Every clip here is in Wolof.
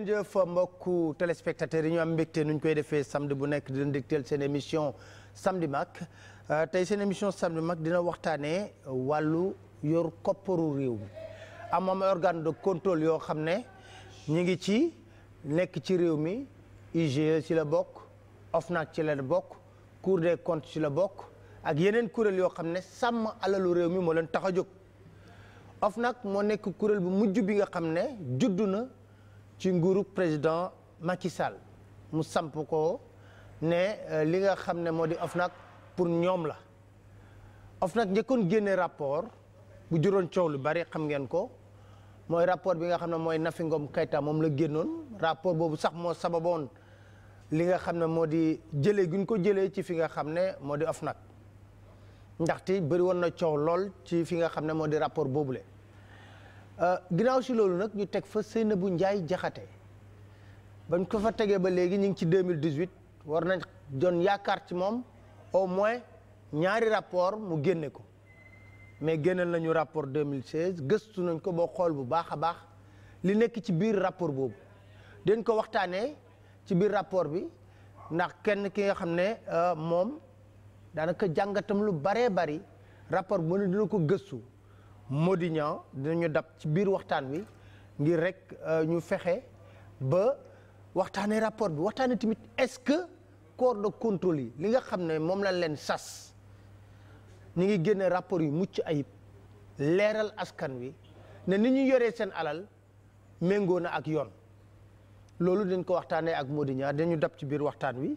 ngeen jëf mbokku téléspectateurs yi ñu am mbégte nu ñu koy defee samedi bu nekk di leen dégtal seen émission samedi mag euh, tey seen émission samedi mag dina waxtaanee wàllu yor kopparu réew mi am am organe de contrôle yoo xam ne ñu ngi ci nekk ci réew mi IGE ci la bokk OFNAC ci la bokk Cour des comptes ci la bokk ak yeneen kuréel yoo xam ne sàmm alalu réew mi moo leen tax a jóg OFNAC moo nekk kuréel bu mujj bi nga xam ne juddu na. ci nguuru président Macky Sall mu samp ko ne euh, li nga xam ne moo di OFNAC pour ñoom la OFNAC njëkkoon génne rapport bu juróon coow lu bari xam ngeen ko mooy rapport bi nga xam ne mooy Nafi Ngom Keïta moom la génnoon rapport boobu sax moo sababoon li nga xam ne moo di jëlee guñ ko jëlee ci fi nga xam ne moo di OFNAC ndaxti bëri woon na coow lool ci fi nga xam ne moo di rapport boobu le Euh, ginnaaw si loolu nag ñu teg fa bu njaay Jaxate bañ ko fa tegee ba léegi ñu ngi ci 2018 war nañ doon yaakaar ci moom au moins ñaari rapport mu génne ko mais génneel nañu rapport 2016 gëstu nañ ko boo xool bu baax a baax li nekk ci biir rapport boobu dañ ko waxtaanee ci biir rapport bi ndax kenn ki nga xam ne euh, moom daanaka jàngatam lu baree bari rapport bu ne dina ko gëstu Modiñan dinañu dab ci biir waxtaan wi ngir rek euh, ñu fexe ba waxtaanee rapport bi waxtaanee tamit est-ce que corps de contrôle yi li nga xam ne moom lañ leen sas ñu ngi génne rapport yu mucc ayib leeral askan wi ne ni ñu yoree seen alal méngoo na ak yoon loolu dañ ko waxtaanee ak Modiñan dañu dab ci biir waxtaan wi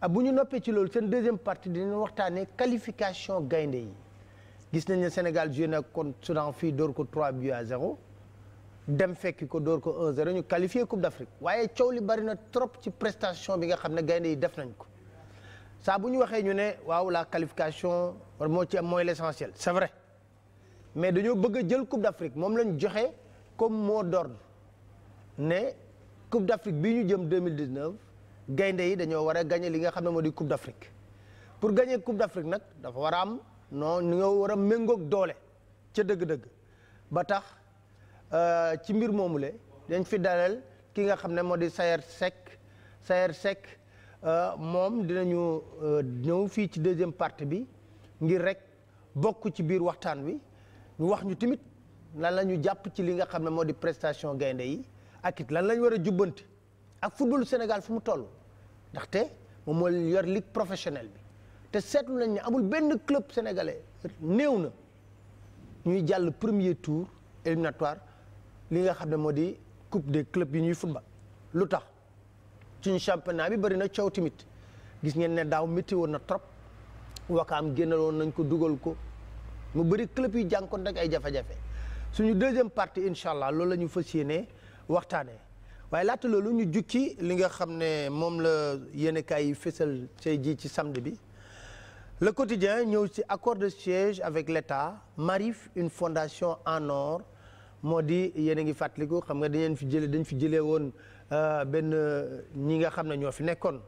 ah, bu ñu noppee ci loolu seen deuxième partie dinañ waxtaanee qualification gaynde yi. gis nañ ne Sénégal joué na kon Soudan fii dóor ko trois buts à 0 dem fekki ko dóor ko 1 0 ñu qualifié Coupe d'Afrique waaye coow li bari na trop ci prestation bi nga xam ne gaynde yi def nañ ko saa bu ñu waxee ñu ne waaw la qualification moo ci mooy l'essentiel c'est vrai mais dañoo bëgg a jël Coupe d'Afrique moom lañ joxe comme moo d'ordre ne Coupe d'Afrique bi ñu jëm 2019 gaynde yi dañoo war a gagner li nga xam ne moo di Coupe d'Afrique pour gagner Coupe d'Afrique nag dafa war non ni nga war a méngoog doole ca dëgg-dëgg ba tax euh, ci mbir moomu moomule dañ fi dalal ki nga xam ne moo di Sayer Seck Sayer Seck euh, moom dinañu euh, ñëw fii ci deuxième partie bi ngir rek bokk ci biir waxtaan wi ñu wax ñu tamit lan lañu jàpp ci li nga xam ne moo di prestation gaynde yi ak it lan lañ war a jubbanti ak football Sénégal fu mu toll ndaxte moom moo yor ligue professionnelle bi te seetlu nañ ne amul benn club sénégalais néew na ñuy jàll premier tour éliminatoire li nga xam ne moo di coupe de clubs yi ñuy futba lu tax suñu championnat bi bëri na coow tamit gis ngeen ne daaw métti woon na trop wakaam génnaloon nañ ko dugal ko mu bëri club yi jànkoon rek ay jafe-jafe suñu deuxième partie incha allah loolu la ñu fas yéenee waxtaanee waaye laata loolu ñu jukki li nga xam ne moom la yéenekaay yi fësal say jii ci samedi bi le quotidien ñëw ci accord de siège avec l'État Marif une fondation en or moo di yéen a ngi fàttaliku xam nga dañeen fi jële dañ fi jëlee woon euh, benn ñi nga xam ne ñoo fi nekkoon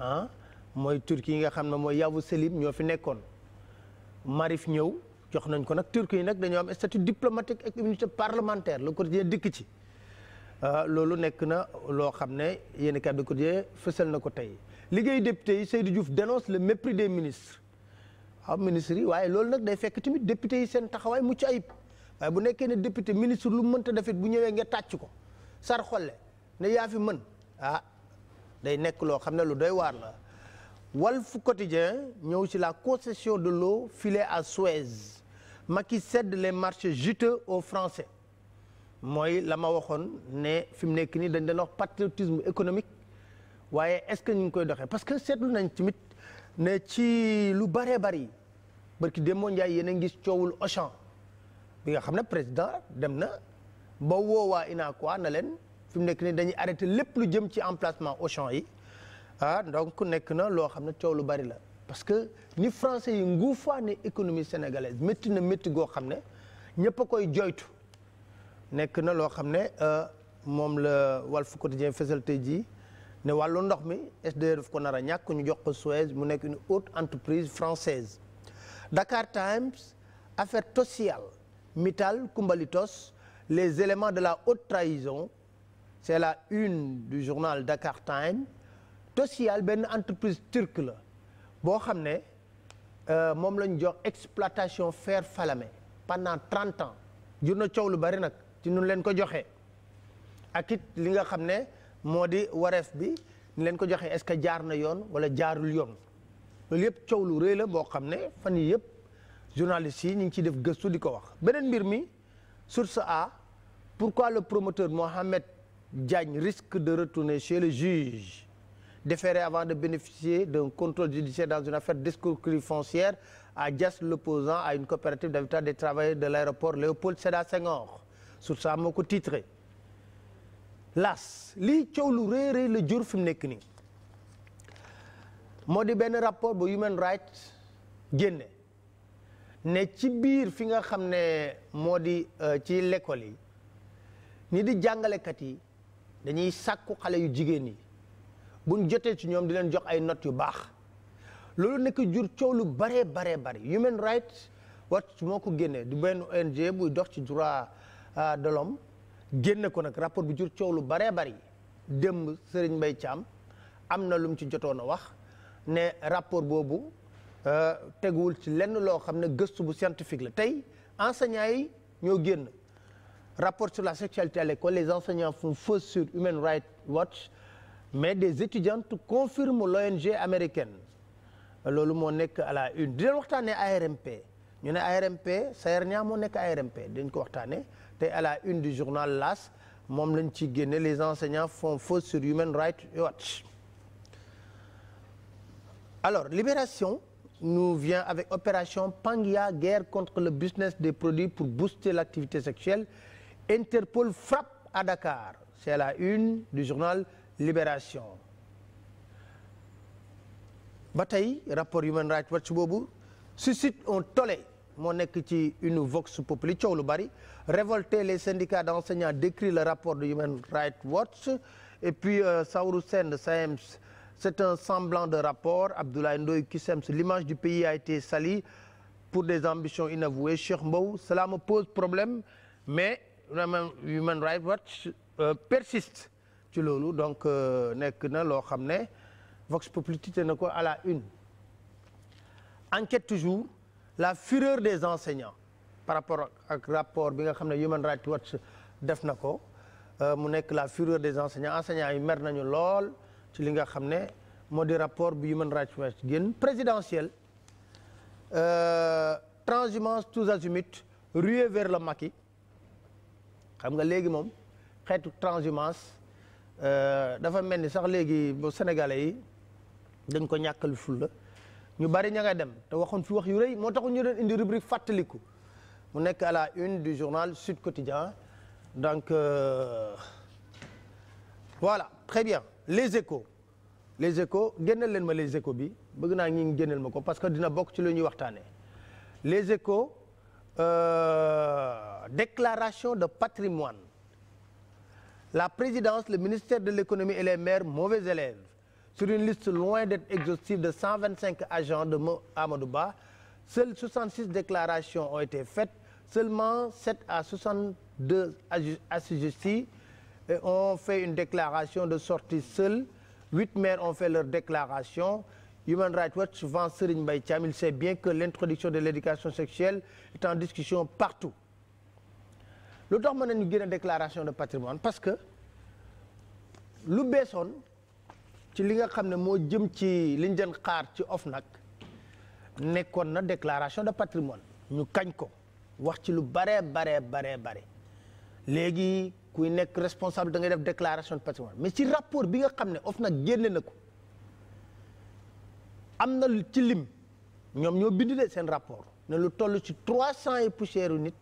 ah mooy turki yi nga xam ne mooy Yavuz Selim ñoo fi nekkoon Marif ñëw jox nañ ko nag turki yi nag dañoo am statut diplomatique ak immunité parlementaire le quotidien dikk ci euh, loolu nekk na loo xam ne yéen i kat de quotidien na ko tey liggéey député yi Seydou Diouf dénonce le mépris des ministre waaw ah, ministre yi waaye loolu nag day fekk tamit député yi seen taxawaay mucc ayib waaye bu nekkee ne député ministre lu mu mënta defit bu ñëwee nga tàcc ko sar xolle ne yaa fi mën ah day nekk loo xam ne lu doy waar la Walf Quotidien ñëw ci la concession de l'eau filet à Suez Macky sedd les marchés juteux au Français mooy la ma waxoon ne fi mu nekk nii dañ dana wax patriotisme économique waaye est-ce que ñu ngi koy doxee parce que seetlu nañ tamit ne ci lu bëree bëri barki Demba Ndiaye yéen a ngi gis coowul Auchan bi nga xam ne président dem na ba woowaa UNACOIS na leen fi mu nekk nii dañuy arrêté lépp lu jëm ci emplacement Auchan yi ah donc nekk na loo xam ne coow lu bari la. parce que ni français yi nguufaane économie sénégalaise métti na métti goo xam ne ñëpp koy joytu nekk na loo xam ne euh, moom la Walf Quotidien fësal tey jii. ne wàllu ndox mi SDE daf ko nar a ñàkk ñu jox ko Suez mu nekk une haute entreprise française Dakar Times affaire Tosyal Mittal Kumbalitos les éléments de la haute trahison c'est la une du journal Dakar Times Tosyal benn entreprise turque la boo xam ne euh, moom lañ jox exploitation fair Falémé pendant trente ans jur na coow lu bari nag ci nun leen ko joxe ak li nga xam ne moo di wareef bi ni leen ko joxe est-ce que jaar na yoon wala jaarul yoon loolu yëpp cow lu rëy la boo xam ne fan yii yëpp journalistes yi ñu ngi ciy def gëstu di ko wax. beneen mbir mi source A pourquoi le promoteur Mohamed Diagne risque de retourner chez le juge déféré avant de bénéficier d'un contrôle judiciaire dans une affaire d'escroquerie foncière à Diass l'opposant à une coopérative d'habitat des travailleurs de l'aéroport Léopold Sédar Senghor source A moo ko titré. las lii coow lu rëy rëy la jur fi mu nekk nii moo di benn rapport bu Human Rights génne ne ci biir fi nga xam ne moo di euh, ci lekkool yi ni di jàngalekat yi dañuy sàkku xale yu jigéen yi buñ jotee ci ñoom di leen jox ay notes yu baax loolu nekk jur coow lu baree baree bari Human Rights Watch moo ko génne du benn ONG buy dox ci droit euh, dolom génn ko nag rapport bu jur coow lu baree bari démb Serigne Mbaye Thiam am na lu mu ci jotoon a wax ne rapport boobu euh, teguwul ci lenn loo xam ne gëstu bu scientifique la tey enseignants yi ñoo génn rapport sur la sexualité à l'école les enseignants font fausse sur Human Rights Watch mais des étudiantes confirment l'ONG américaine loolu moo nekk à la une di leen waxtaanee ARMP ñu ne ARMP Sayer Niang moo nekk ARMP dañ ko waxtaanee. te à la une du journal L'As moom lañ ci génne les enseignants font fausse sur Human Rights Watch alors Libération nous vient avec opération Pangia guerre contre le business des produits pour booster l'activité sexuelle Interpol frappe à Dakar c'est la une du journal Libération ba tey rapport Human Rights Watch boobu suscite on tollé moo nekk ci une vox populi coow lu bari révolté les syndicats d'enseignants décrit le rapport de Human Rights Watch et puis euh, Saourou Sène SAEMS c'est un semblant de rapport Abdoulaye Ndoye CUSEMS l'image du pays a été salie pour des ambitions inavouées Cheikh Mbow cela me pose problème mais Human Rights Watch euh, persiste ci loolu donc euh, nekk na loo xam ne Vox Populi titre na ko à la une enquête toujours la fureur des enseignants par rapport ak rapport bi nga xam ne Human Rights Watch def na ko euh, mu nekk la fureur des enseignants enseignants yi mer nañu lool ci li nga xam ne moo di rapport bi Human Rights Watch génn présidentiel euh, transhumance tous azimuts ruée vers le maquis xam nga léegi moom xeetu transhumance euh, dafa mel ni sax léegi bu sénégalais yi dañ ko ñàkkal fulla ñu bari ña nga dem te waxoon fi wax yu rëy moo taxu ñu doon indi rubrique fàttaliku mu nekk à la une du journal Sud Quotidien donc euh, voilà très bien les échos les échos génneel leen ma les échos bi bëgg naa ñi ngi ma ko parce que dina bokk ci lu ñuy waxtaanee les échos euh... déclaration de patrimoine la présidence le ministère de l'économie et les maires mauvais élèves sur une liste loin d'être exhaustive de 125 agents de Amadou Ba, seules 66 déclarations ont été faites, seulement 7 à 62 assujettis ont fait une déclaration de sortie seule, 8 maires ont fait leur déclaration. Human Rights Watch vend Serigne Mbaye Thiam, il sait bien que l'introduction de l'éducation sexuelle est en discussion partout. lu tax mën nañu génne déclaration de patrimoine parce que lu ci li nga xam ne moo jëm ci liñ doon xaar ci OFNAC nekkoon na déclaration de patrimoine ñu kañ ko wax ci lu baree bare baree bare léegi kuy nekk responsable da ngay def déclaration de patrimoine mais ci rapport bi nga xam ne OFNAC génne na ko am na ci lim ñoom ñoo bind de seen rapport ne lu toll ci trois cent et poussière yu nit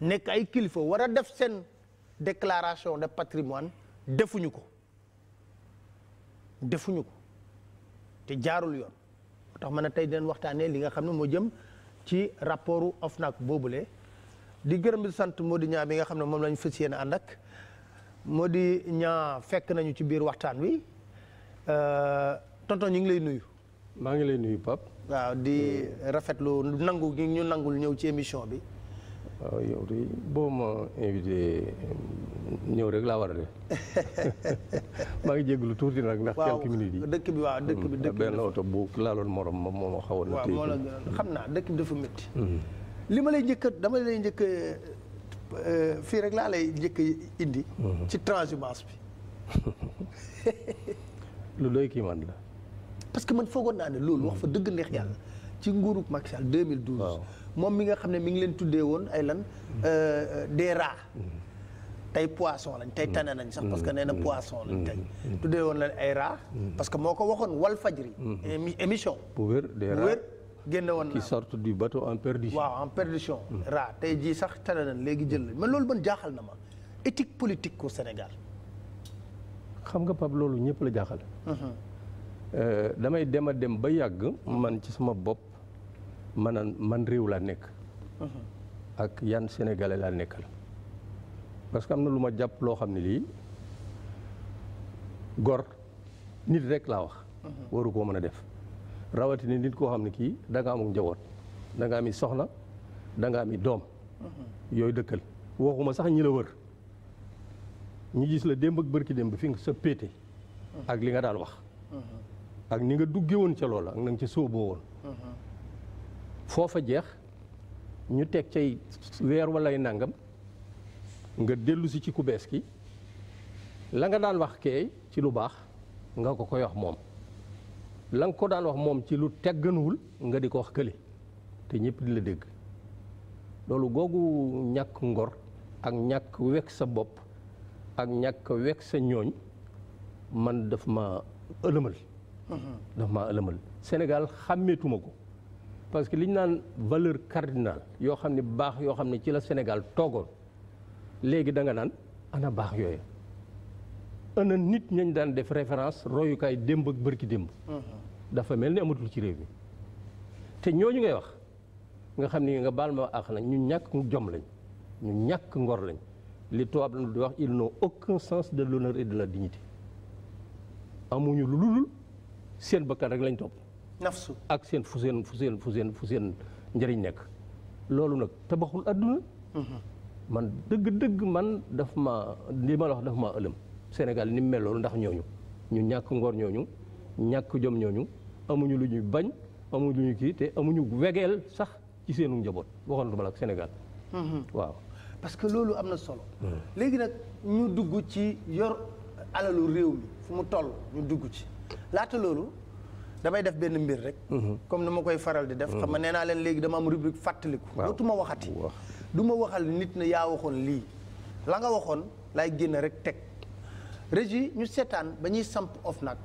nekk ay kilifa war a def seen déclaration de patrimoine defuñu ko defuñu ko te jaarul yoon moo tax ma ne tey dinañ waxtaanee li nga xam ne moo jëm ci rapportu OFNAC boobule di gërëm di sant Mody Niang bi nga xam ne moom lañu fas yéene ànd ak di Niang fekk nañu ci biir waxtaan wi euh, tonton ñu ngi lay nuyu. maa ngi lay nuyu Pape. waaw di rafetlu nangu gi ñu nangul ñëw ci émission bi. waaw yow de ñëw rek laa war a def maa ngi jégalu tuuti nag ndax quelques minutes yi dëkk bi waaw dëkk bi dëkk bi benn oto bu laaloon morom ma na tey moo la xam naa dëkk bi dafa métti li ma lay njëkk dama lay njëkk fii rek laa lay njëkk indi ci transhumance bi lu doy kii man la parce que man foogoon naa ne loolu wax fa dëgg neex yàlla ci nguurub Macky Sall 2012 moom mi nga xam ne mi ngi leen tuddee woon ay lan mm. euh, euh, des rats mm. tey poisson lañ tey mm. tane nañ sax parce que nee na poisson lañ tey tuddee woon lañ ay rats parce que moo ko waxoon wal fajri émission bu wér des rats génne woon qui sortent du bateau en perdition en perdition rat tey jii sax tane nañ léegi jël lañ man loolu man jaaxal na ma étique politique au Sénégal xam nga Pape loolu ñëpp la jaaxal mm-hmm. euh, damay dem a dem ba yàgg man ci sama bopp man man réew laa nekk. Uh-huh. ak yan sénégalais laa la parce que am na lu ma jàpp loo xam ne lii gor nit rek laa wax. Uh-huh. waru koo mën a def rawatine nit koo xam ne kii danga nga amul njaboot danga nga ami soxna danga nga ami doom. Uh-huh. yooyu dëkkal waxuma sax ñi la wër ñi gis la démb ak bërki démb fi nga sa péete. ak li nga daal wax. ak ni nga dugge woon ca loola ak na nga ca sóoboo woon. foofa jeex ñu teg cay weer walay nangam nga dellusi ci ku bees ki la nga daan wax kee ci lu baax nga ko koy wax moom la nga ko daan wax moom ci lu tegganuwul nga di ko wax këli te ñëpp di la dégg loolu googu ñàkk ngor ak ñàkk wekk sa bopp ak ñàkk wekk sa ñooñ man daf ma ëlëmal mm-hmm. daf ma ëlëmal Sénégal xàmmeetuma ko parce que li ñu naan valeur cardinale yoo xam ne baax yoo xam ne ci la Sénégal toogoon léegi da nga naan ana baax yooyu ana nit ñañ daan def référence royukaay démb ak bërki démb mm-hmm. dafa mel ni amatul ci réew mi te ñooñu ngay wax nga xam ni nga baal ma àq ñu ñàkk jom lañ ñu ñàkk ngor lañ li tubaab lañu di wax ils n'ont aucun sens de l'honneur et de la dignité amuñu lu lul seen bakkan rek lañ topp nafsu ak seen fu seen fu seen fu seen fu seen njëriñ nekk loolu nag tabaxul adduna mm-hmm. man dëgg-dëgg man daf ma li ma la wax daf maa ëlëm Sénégal ni mu mel loolu ndax ñooñu ñu ñàkk ngor ñooñu ñàkk jom ñooñu amuñu lu ñuy bañ amuñu kii te amuñu wegeel sax ci seenu njaboot waxoon balak Sénégal mm-hmm. waaw parce que loolu am na solo mm. léegi nag ñu dugg ci yor alalu réew mi fu mu toll ñu dugg ci laata loolu damay def benn mbir rek. Mhm. comme na ma koy faral di def. xam nga mhm. nee naa leen léegi dama am rubrique fàttaliku. waaw dootuma waxati. du ma waxal nit na yaa waxoon lii. la nga waxoon lay génn rek teg régi ñu seetaan ba ñuy samp nag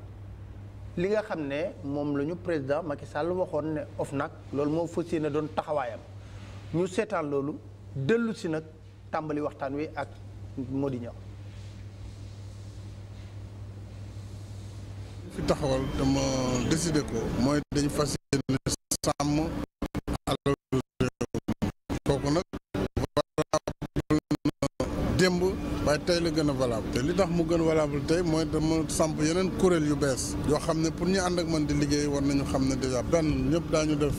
li nga xam ne moom la ñu président Macky Sall waxoon ne nag loolu moo fas yéene doon taxawaayam ñu seetaan loolu dellu si nag tàmbali waxtaan wi ak Mody Niang taxawal dama décidé ko mooy dañu fas yéene sàmm alalu réew kooku nag valable na démb waaye tey la gën a valable te li tax mu gën valable tey mooy dama samp yeneen kuréel yu bees yoo xam ne pour ñu ànd ak man di liggéey war nañu xam ne déjà benn ñëpp daañu def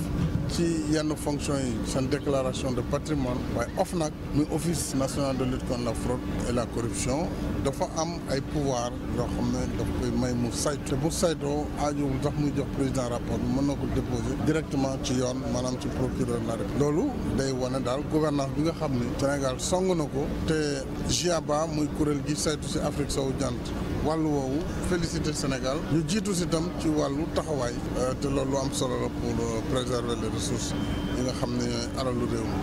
ci yenn fonction yi seen déclaration de patrimoine waaye nag muy office national de lutte contre la fraude et la corruption dafa am ay pouvoir yoo xam ne daf koy may mu saytu te bu saytoo aajowul sax muy jox président rapport bi mën na ko déposer directement ci yoon maanaam ci procureur la rek loolu day wane daal gouvernance bi nga xam ne Sénégal song na ko te GIABA muy kuréel gi saytu si Afrique sowu jant wàllu woowu félicité Sénégal ñu jiitu si tam ci wàllu taxawaay euh, te loolu lu am solo la pour euh, préserver les ressources yi nga xam ne alalu réew mi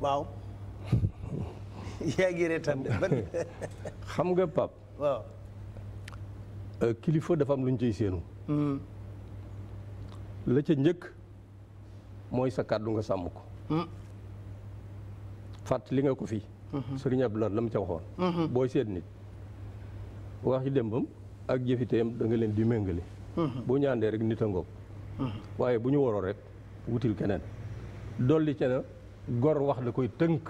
waaw xam nga Pape euh, kilifa dafa am lu ñu ciy séenu hmm. la ca njëkk mooy sa kàddu nga sàmm ko hmm. fàttali nga ko fii Mm-hmm. sëriñ Abdoulaye la mu ca waxoon. Mm-hmm. booy seet nit wax ci démbam ak jëfiteem da nga leen di méngale. Mm-hmm. boo ñaandee rek nit a ngoog. waaye bu ñu waroo rek wutil keneen dolli ca na gor wax la koy tënk.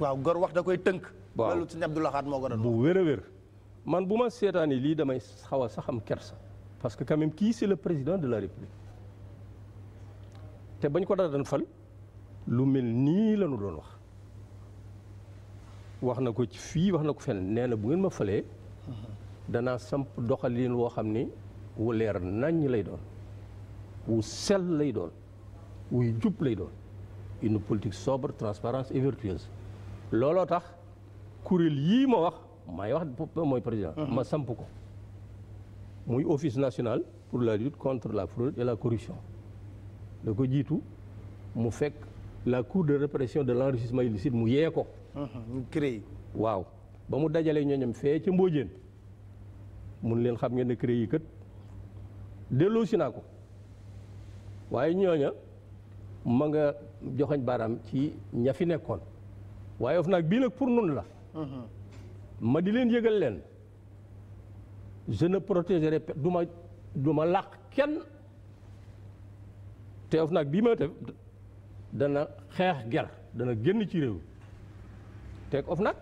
waaw gor wax da koy tënk. waaw loolu sëriñ Abdoulaye Xaat moo bu wér a wér man bu ma seetaanee lii damay xaw a sax am kersa. parce que quand kii c'est le président de la République te bañ ko daan fal lu mel nii la doon wax. wax na ko ci fii wax na ko fenn nee na bu ngeen ma fëlee danaa samp doxalin woo xam ni wu leer naññ lay doon wu sell lay doon wuy jub lay doon une politique sobre transparence et vertueuse looloo tax kuréel yii ma wax maay wax mooy président mhm. ma samp ko muy office national pour la lutte contre la fraude et la corruption da ko jiitu mu fekk la cour de répression de l'enrichissement illicite mu yee ko ñu CREI waaw ba mu dajalee ñooñam fee ci Mbóojeen mun leen xam ngeen ne CREI yi kat delloo si naa ko waaye ñooña ma nga joxoñ baaraam ci ña fi nekkoon waaye of naag bii nag pour nun la ma di leen yëgal leen je ne protégerai du ma du ma làq kenn te of naag bii ma def dana xeex ger dana génn ci réew teg of nag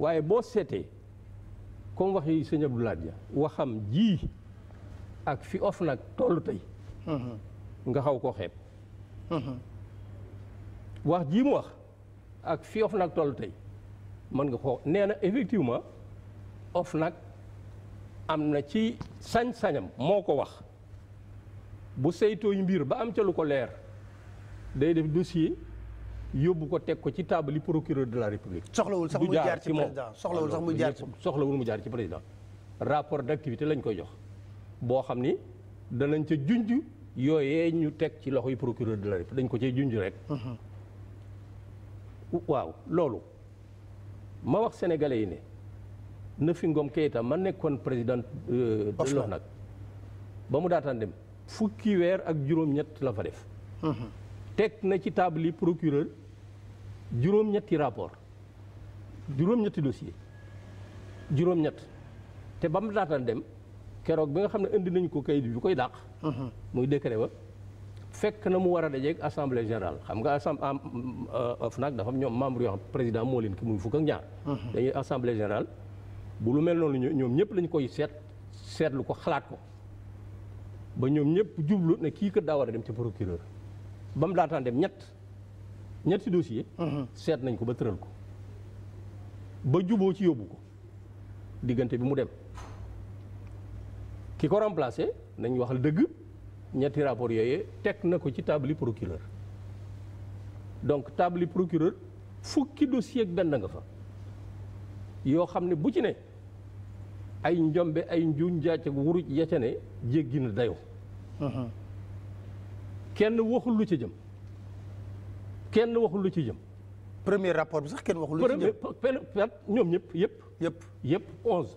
waaye boo seetee comme wax yi sëñ Abdoulaye Dia waxam jii ak fi of nag tollu tey nga xaw koo xeeb wax jii mu wax ak fi of nag tollu tey mën nga ko neena na of nag am na ci sañ-sañam moo ko wax bu saytooy mbir ba am calu ko leer day def dossier yóbbu ko teg ko ci taabali procureur de la république. soxlawul sax muy jaar ci président soxlawul sax muy jaar ci soxlawul mu jaar ci président. rapport d' activité lañ koy jox boo xam ni danañ ca junj yooyee ñu teg ci loxoy procureur de la république dañ ko cee junj rek. Mm-hmm. waaw loolu ma wax sénégalais yi ne Nafi Ngom Keïta ma nekkoon président euh, de nag ba mu daataan dem fukki weer ak juróom-ñett la fa def. Mm-hmm. teg na ci table yi procureur. juróom-ñetti rapport juróom-ñetti dossier juróom-ñett te ba mu daataan dem keroog bi nga xam ne indi nañu ko kayit bi koy dàq. Mhm. muy décret ba fekk na mu war a dajeeg assemblée générale xam nga am euh, FNAC dafa am ñoom membre yoo xam président moo leen ki muy fukk ak ñaar. Mhm. dañuy assemble générale bu lu mel noonu ñoom ñëpp lañu koy seet seetlu ko xalaat ko ba ñoom ñëpp jublu na kii kat daa war a dem ci procureur ba mu daataan dem ñett. ñetti dossier mhm. seet nañ ko ba tëral ko ba juboo ci yóbbu ko diggante bi mu dem ki ko remplacé nañ waxal dëgg ñetti rapport yooyu teg na ko ci tabli procureur donc tabli procureur fukki dossier ak benn nga fa yoo xam ne bu ci ne ay njombe ay njuuñ njaaj ak wuruj ya ca ne jéggi na dayoo mhm. kenn waxul lu ca jëm kenn waxul lu ci jëm. premier rapport bi sax kenn waxul lu ci jëm premier ñoom ñëpp yëpp. yëpp yëpp onze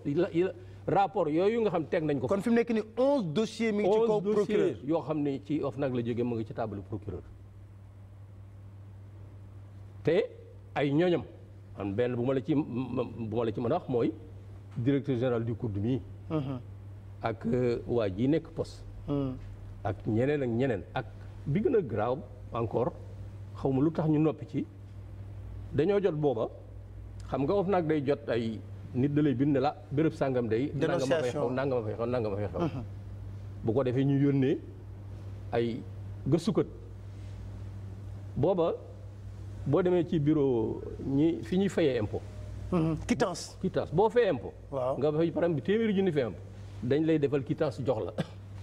rapport yooyu nga xam teeg nañ ko. kon fi mu nekk nii onze dossiers mi ngi ci kaw procureur yoo xam ne ci of nag la jege mu ngi ci table procureur te ay ñoñam am benn bu ma la ci bu ma la ci mën a wax mooy directeur général du COUD mii. Uh-huh. ak euh, waa jii nekk pos uh-huh. ak ñeneen ak ñeneen ak bi gën a grave encore. xaw ma lu tax ñu noppi ci dañoo jot booba xam nga of nag day jot ay nit da lay bind ne la béréb sàngam day. dénonciation fay xew nangama uh-huh. bu ko defee ñu yónnee ay gëstukat booba boo demee ci bureau ñi fi ñuy fayee impôt. Uh-huh. quittance quittance boo fayee impôt. waaw nga fay par exemple téeméeri junni fay impôt dañ lay defal quittance jox la.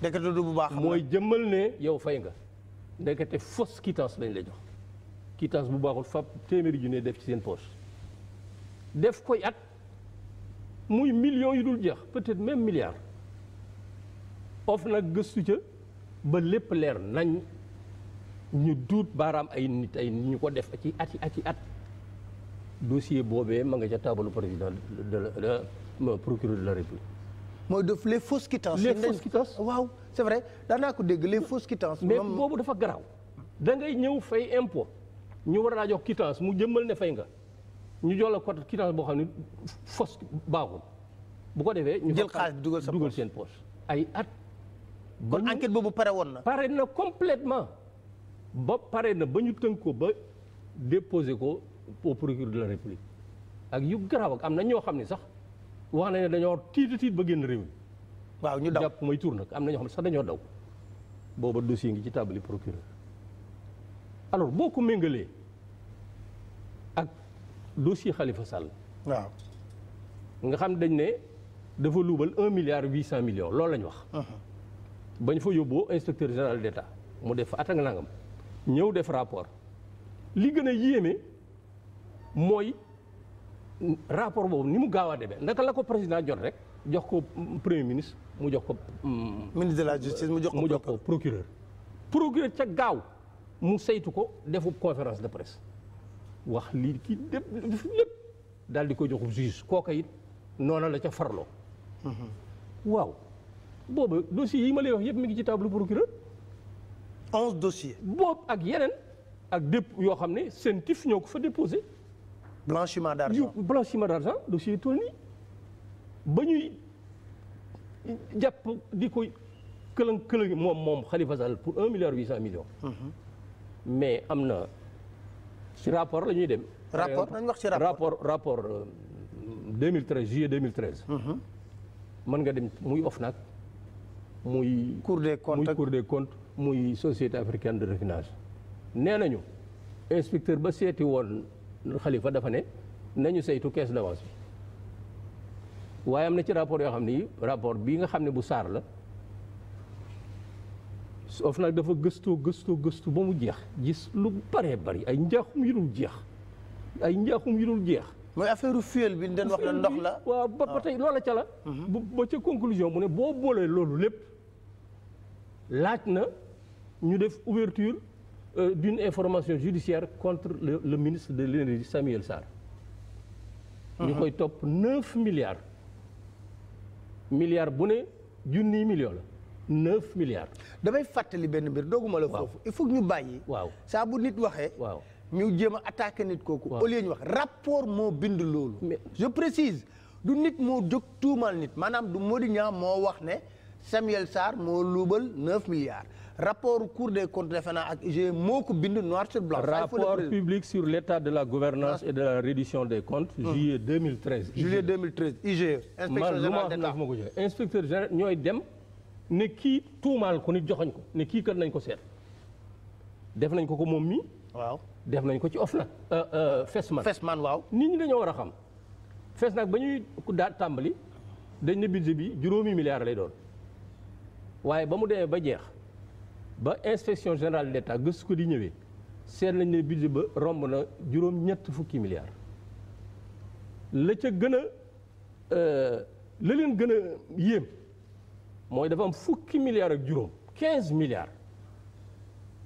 ndekete bu baax mooy jëmmal ne yow fay nga ndekete fausse quittance lañ lay jox. quittance bu baaxul fab téeméeri ne def ci seen poche def koy at muy millions yu dul jeex peut-être même milliards of nag gëstu ca ba lépp leer nañ ñu duut baaraam ay nit ay ñu ko def ci ati ati at dossier boobee ma nga ca taabalu président de la euh, procureur de la république mooy def les fausses quittances les fausses quittances waaw c'est vrai daanaa ko dégg les fausses quittances mais boobu dafa garaaw da ngay ñëw fay impôt ñu war a jox quittance mu jëmmal ne fay nga ñu jox la ko quittance boo xam ne fos baaxul bu ko defee. ñu jël xaalis dugal sa dugal seen poche ay at. kon enquête boobu pare woon na. pare na complètement ba pare na ba ñu tënk ko ba déposé ko au procureur di la république ak yu garaaw ak am na ñoo xam ne sax wax nañ dañoo tiit tiit ba génn réew mi. waaw ñu daw jàpp mooy tour nag am na ñoo xam ne sax dañoo daw. booba dossier ngi ci table procureur alors boo ko méngalee ak dossier Khalifa Sall. waaw nga xam dañ ne dafa luubal un milliard huit cent millions loolu la ñu wax. Uh-huh. bañ fa yóbboo inspecteur général d' état mu def at nangam ñëw def rapport li gën a yéeme mooy rapport boobu ni mu gaaw a demee naka la ko président jot rek jox ko premier ministre mu jox ko. Mm, ministre de la justice mu jox ko procureur. procureur ca gaaw. mu saytu ko defu conférence de presse wax lii kii lépp lépp daal di ko joxu juge kooka it noona la ca farloo waaw boobu dossiers yi ma lay wax yëpp mi ngi ci table procureur onze dossiers boobu ak yeneen ak dépp yoo xam ne seen tif ñoo ko fa déposé blanchiment d'argent blanchiment d'argent dossier toll nii ba ñuy jàpp di koy këlëng këlëng moom moom Khalifa Sall pour un milliard huit cent millions mhm. mais am na ci rapport la ñuy dem. rapport nañu wax ci rapport rapport 2013 euh, juillet 2013. Mhm. mën nga dem muy OFNAC muy. cour des comptes muy cour des comptes muy société africaine de raffinage. nee nañu inspecteur ba seeti woon xalifa dafa ne nañu saytu caisse d'avance bi waaye am na ci rapport yoo xam ni rapport bii nga xam ne bu saar la. of nag dafa gëstoo gëstoo gëstu ba mu jeex gis lu bëree bari ay njaaxum yu dul jeex ay njaaxum yu dul jeex. mooy affaire fuel bi ñu doon wax ne la. waaw ba ba ah. tey loola ca la. Mhm. ba ca conclusion mu ne boo boolee loolu lépp laaj na ñu def ouverture euh, d'une information judiciaire contre le le ministre de l'énergie Samuel Sarr. ñu mhm. koy topp neuf milliards. milliards bu ne junniy millions la. neuf milliards. damay fàttali benn mbir dooguma la foofu. il faut ñu bàyyi. waaw saa bu nit waxee. waaw ñu jéem attaque nit kooku. au lieu ñu wax rapport moo bind loolu. mais je précise du nit moo jóg tuumal nit maanaam du Mody Niang moo wax ne Samuel Sarr moo luubal neuf milliards. rapport cour des comptes defe naa ak IGE moo ko bind noir sur blanc. rapport public sur l' de la gouvernance et de la reddition des comptes. juillet 2013. juillet 2013 IGE. inspection générale man lu ma wax inspecteur général ñooy dem. ne kii tuumaal ko nit joxoñ ko ne kii kat nañ ko seet def nañ ko ko moom mii. waaw def nañ ko ci of nag. Euh, euh, fes Fesman waaw. nit ñi dañoo war a xam fes nag ba ñuy daal tàmbali dañ ne budget bi juróomi milliards lay doon waaye ba mu demee ba jeex ba inspection générale de l'État gëstu ko di ñëwee seet nañ ne budget ba romb na juróom-ñett fukki milliards la ca gën a euh, la gën a yéem. mooy dafa am fukki milliards ak juróom 15 milliards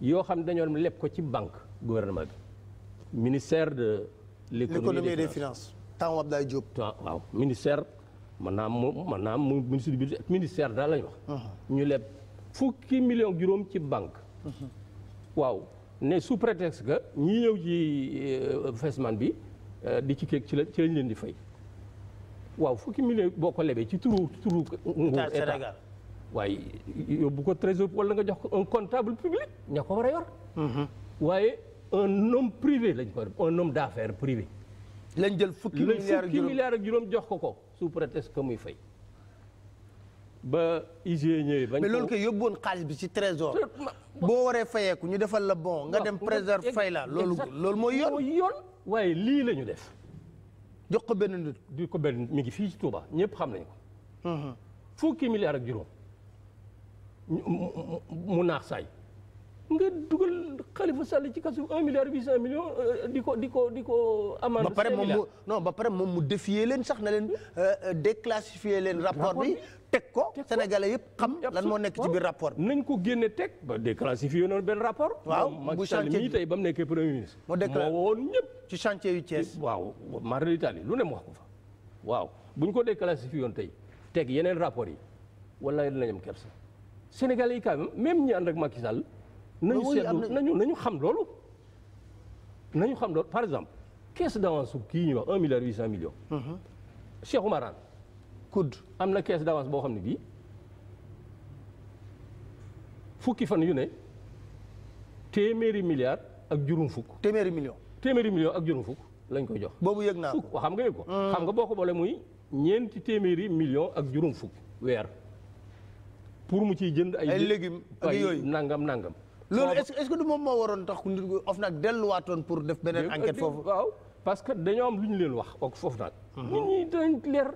yoo xam ne dañoo dem leb ko ci banque gouvernement bi ministère de l'économie et des finances temps waaw ministère maanaam mu maanaam mu ministre du ministère daal lañu wax uh-huh. ñu leb fukki million juróom ci banque uh-huh. waaw ne sous prétexte que ñi ñëw ci euh, FESMAN bi euh, di ci keeg ci la ci lañ leen di fay waaw fukki million boo ko lebee ci turu turu nguur état waaye yóbbu ko trésor wala nga jox ko un comptable public ña ko war a yor. Mhm. waaye un homme privé lañ ko nom homme d'affaires privé. lañ jël fukki milliards ak juróom fukki milliards ak juróom jox ko ko sous prétexte que muy fay. ba IGE ñëwee bañ mais loolu kay yóbbuwoon xaalis bi si trésor boo waree fayeeku ñu defal la bon nga dem trésor fay la loolu loolu mooy yoon yoon waaye lii lañu def jox ko benn nit di ko benn mi ngi fii si Touba ñëpp xam nañ ko mhm. fukki milliards juróom mu naax saay nga dugal Khalifa Sall ci kasu un milliard huit cent millions euh, di ko di ko di ko amende ba pare moom mu non ba pare moom mu défier leen sax na leen euh, euh, déclassifier leen rapport bi teg ko sénégalais yëpp xam lan moo nekk ci biir rapport nañ ko génne teg ba déclassifier noonu benn rapport waaw Macky Sall mii tey ba mu nekkee premier ministre moo woon ñëpp ci chantier yu Thiès waaw mar d'Italie lu ne mu wax ko fa waaw bu ñu ko déclassifier yoon tey teg yeneen rapport yi wala lañu am kersa sénégal yi quand même même ànd ak Macky Sall. nañu seetlu nañu nañu xam loolu. nañu xam loolu par exemple caisse su kii ñuy wax un milliard huit cent millions. Mhm. Cheikh Oumar Anne. COUD am na caisse d'avance boo xam ne bii fukki fan yu ne téeméeri milliards ak juróom fukk. téeméeri millions. téeméeri millions ak juróom lañ koy jox. boobu yëg naa ko xam nga yëg ko. Mm. xam nga boo ko boole muy ñeenti téeméeri million ak juróom fukk weer. pour mu ciy jënd ay légumes ak yooyu nangam nangam. loolu est-ce que du moom moo waroon tax ku nit OFNAC delluwaatoon pour def beneen enquête foofu. waaw parce que dañoo am lu ñu leen wax ak foofu nag. Mhm. nit ñi dañ leer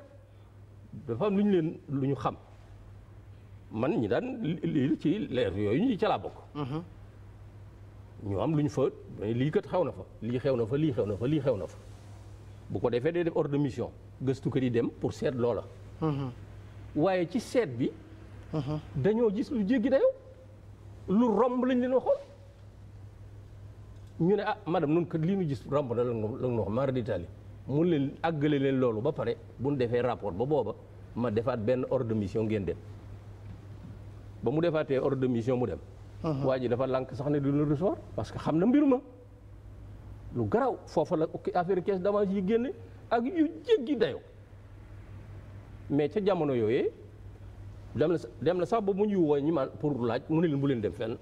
dafa am lu ñu leen lu ñu xam man ñi daan lii ci leer yooyu ñi ca laa bokk. Mhm. ñu am lu ñu fa lii kat xew na fa lii xew na fa lii xew na fa lii xew na fa bu ko defee day def ordre de mission gëstu kër yi dem pour seet loola. Mhm. waaye ci seet bi. dañoo gis lu jéggi dayoo lu romb lañ leen waxoon ñu ne ah madame nun kat lii nu gis romb na la nga wax mara d'Italie mun leen àggale leen loolu ba pare bu ñu defee rapport ba booba ma defaat benn ordre de mission dem ba mu defaatee ordre de mu dem. waa ji dafa lank sax ne du ñu recevoir parce que xam na mbir ma lu garaw foofa la affaire caisse d'avance yi génne ak yu jéggi dayoo mais ca jamono yooyee. dem dem na sax ba mu ñu woo ñi maan pour laaj mu ne leen bu leen dem fenn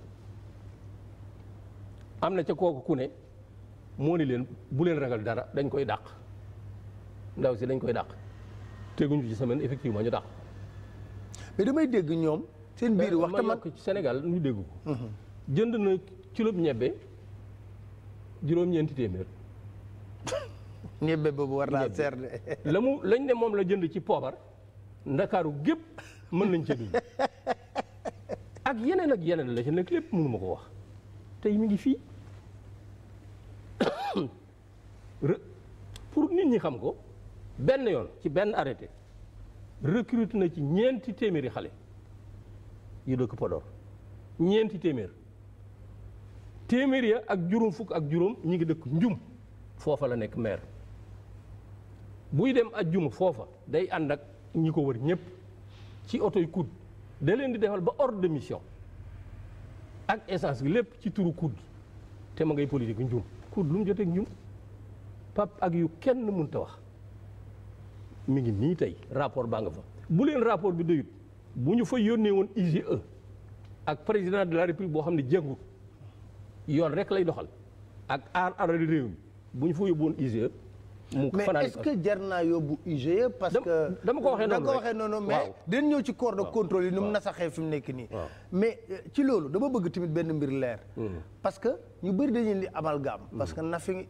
am na ca kooku ku ne moo ni leen bu leen ragal dara dañ koy dàq ndaw si dañ koy dàq teguñu ci semaine effectivement ñu dàq. mais damay dégg ñoom. seen biir wax tamit yokk ci Sénégal dégg mhm. jënd na kilo ñebbe juróom-ñeenti boobu war naa seer de. la mu lañ ne moom la jënd ci poobar ndakaaru gépp mën nañ cee dund ak yeneen ak yeneen la ci nag lépp mënu ma ko wax tey mi ngi fii pour nit ñi xam ko benn yoon ci benn arrêté recrute na ci ñeenti téeméeri xale yu dëkk Podor ñeenti téeméer téeméer ya ak juróom fukk ak juróom ñi ngi dëkk njum foofa la nekk maire buy dem ajjuma foofa day ànd ak ñi ko wër ñëpp ci oto yi COUD da leen di defal ba ordre de mission ak essence lépp ci turu COUD te ma ngay politique njum COUD lu mu jotee njum pap ak yu kenn mënta wax mi ngi nii tey rapport baa nga fa bu leen rapport bi doyut bu ñu fa yónnee woon IGE ak président de la république boo xam ne jàngut yoon rek lay doxal ak aar alal réew mi bu ñu fa yóbbu woon IGE mais est-ce jar naa yóbbu IGE parce que dama ko waxee noonu waxee noonu mais dañ ñëw ci corps de contrôle yi nu mu nasaxee fi mu nekk nii mais euh, ci loolu dama bëgg tamit benn mbir leer hmm. parce que ñu bëri dañuy di amalgame hmm. parce que Nafi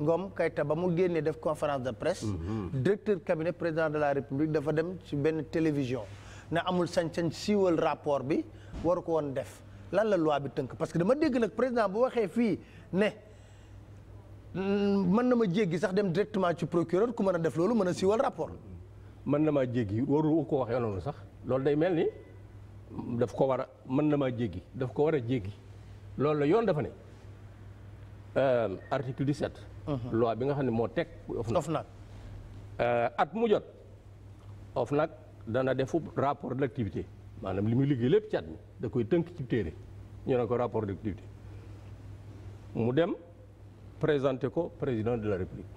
Ngom Keïta ba mu génnee def conférence de presse hmm. directeur cabinet président de la République dafa dem ci benn télévision na amul sañ-sañ siiwal rapport bi waru ko woon def lan la loi bi tënk parce que dama dégg nag président bu waxee fii ne Mm, mën na ma jéggi sax dem directement ci procureur ku mën a def loolu mën a siiwal rapport. man na maa jéggi waru ko waxee noonu sax loolu day mel ni daf ko war a mën na maa jéggi daf ko war a jéggi loolu la yoon dafa ne euh, article 17. Mhm. loi bi nga xam ne moo teg. OFNAC euh, at mu jot nag dana defu rapport d' activité maanaam li muy liggéey lépp ci mi da koy tënk ci téere ñu ne ko rapport d' activité mu dem. présenté ko président de la république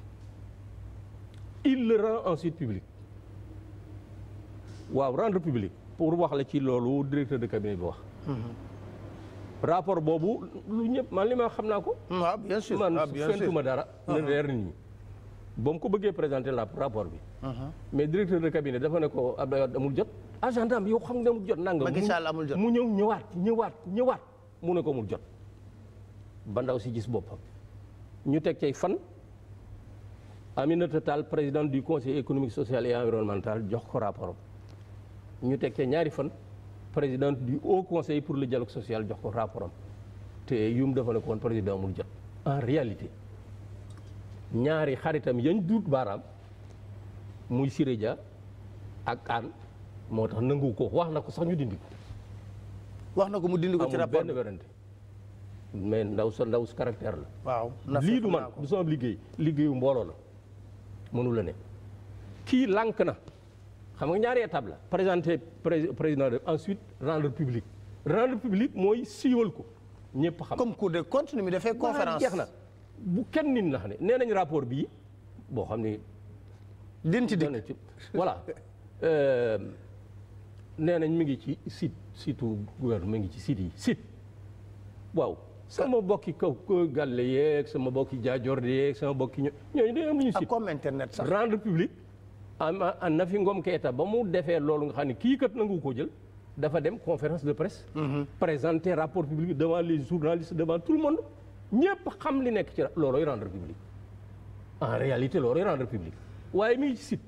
il le rend ensuite public waaw rendre public pour wax la ci loolu directeur de cabinet bi wax. Mm-hmm. rapport boobu lu ñëpp man li maa xam naa ko. waaw bien sûr man ah, dara. ne mm-hmm. leer nit ñi ba ko bëggee présenter la rapport bi. Mm-hmm. mais directeur de cabinet dafa ne ko Abdoulaye Wade amul jot. agenda am yow xam nga amul jot. nangam Macky Sall amul jot mu ñëw ñëwaat ñëwaat ñëwaat mu ne ko amul jot. ba ndaw si gis boppam. ñu teg cay fan Aminata Tall président du conseil économique social et environnemental jox ko rapport ñu teg cay ñaari fan présidente du haut conseil pour le dialogue social jox ko rapport am te yum dafa ne ko woon président amul jot en réalité ñaari xaritam yañ duut baaraam muy Siré Dia ak Anne moo tax nangu ko wax na ko sax ñu dindi ko. wax na ko mu dindi ko ci rapport amul benn werante mais ndaw sa ndaw su caractère la. waaw lii du man du sama liggéey liggéeyu mbooloo la mënu la ne. kii lank na xam nga ñaari étape la présenter président de ensuite rendre public rendre public mooy siiwal ko ñëpp xam. comme cour des comptes ni mu defee conférence na bu kenn nit na xam ne nee nañ rapport bii boo xam ne. din ci dëkk voilà euh, nee nañ mi ngi ci sit surtout gouvernement mi ngi ci site yi site waaw. sama bokki kaw gàlle yeeg sama bokki jaajoorde yeeg sama bokki ño ñooñu day am lu ñu si comme internet sax rendre public a na fi Ngom Keita ba mu defee loolu nga xam ne kii kat nangu ko jël dafa dem conférence de presse mm-hmm. présenter rapport public devant les journalistes devant tout le monde ñëpp xam li nekk ci looloy rendre public en réalité looloy rendre public waaye mi ngi ci site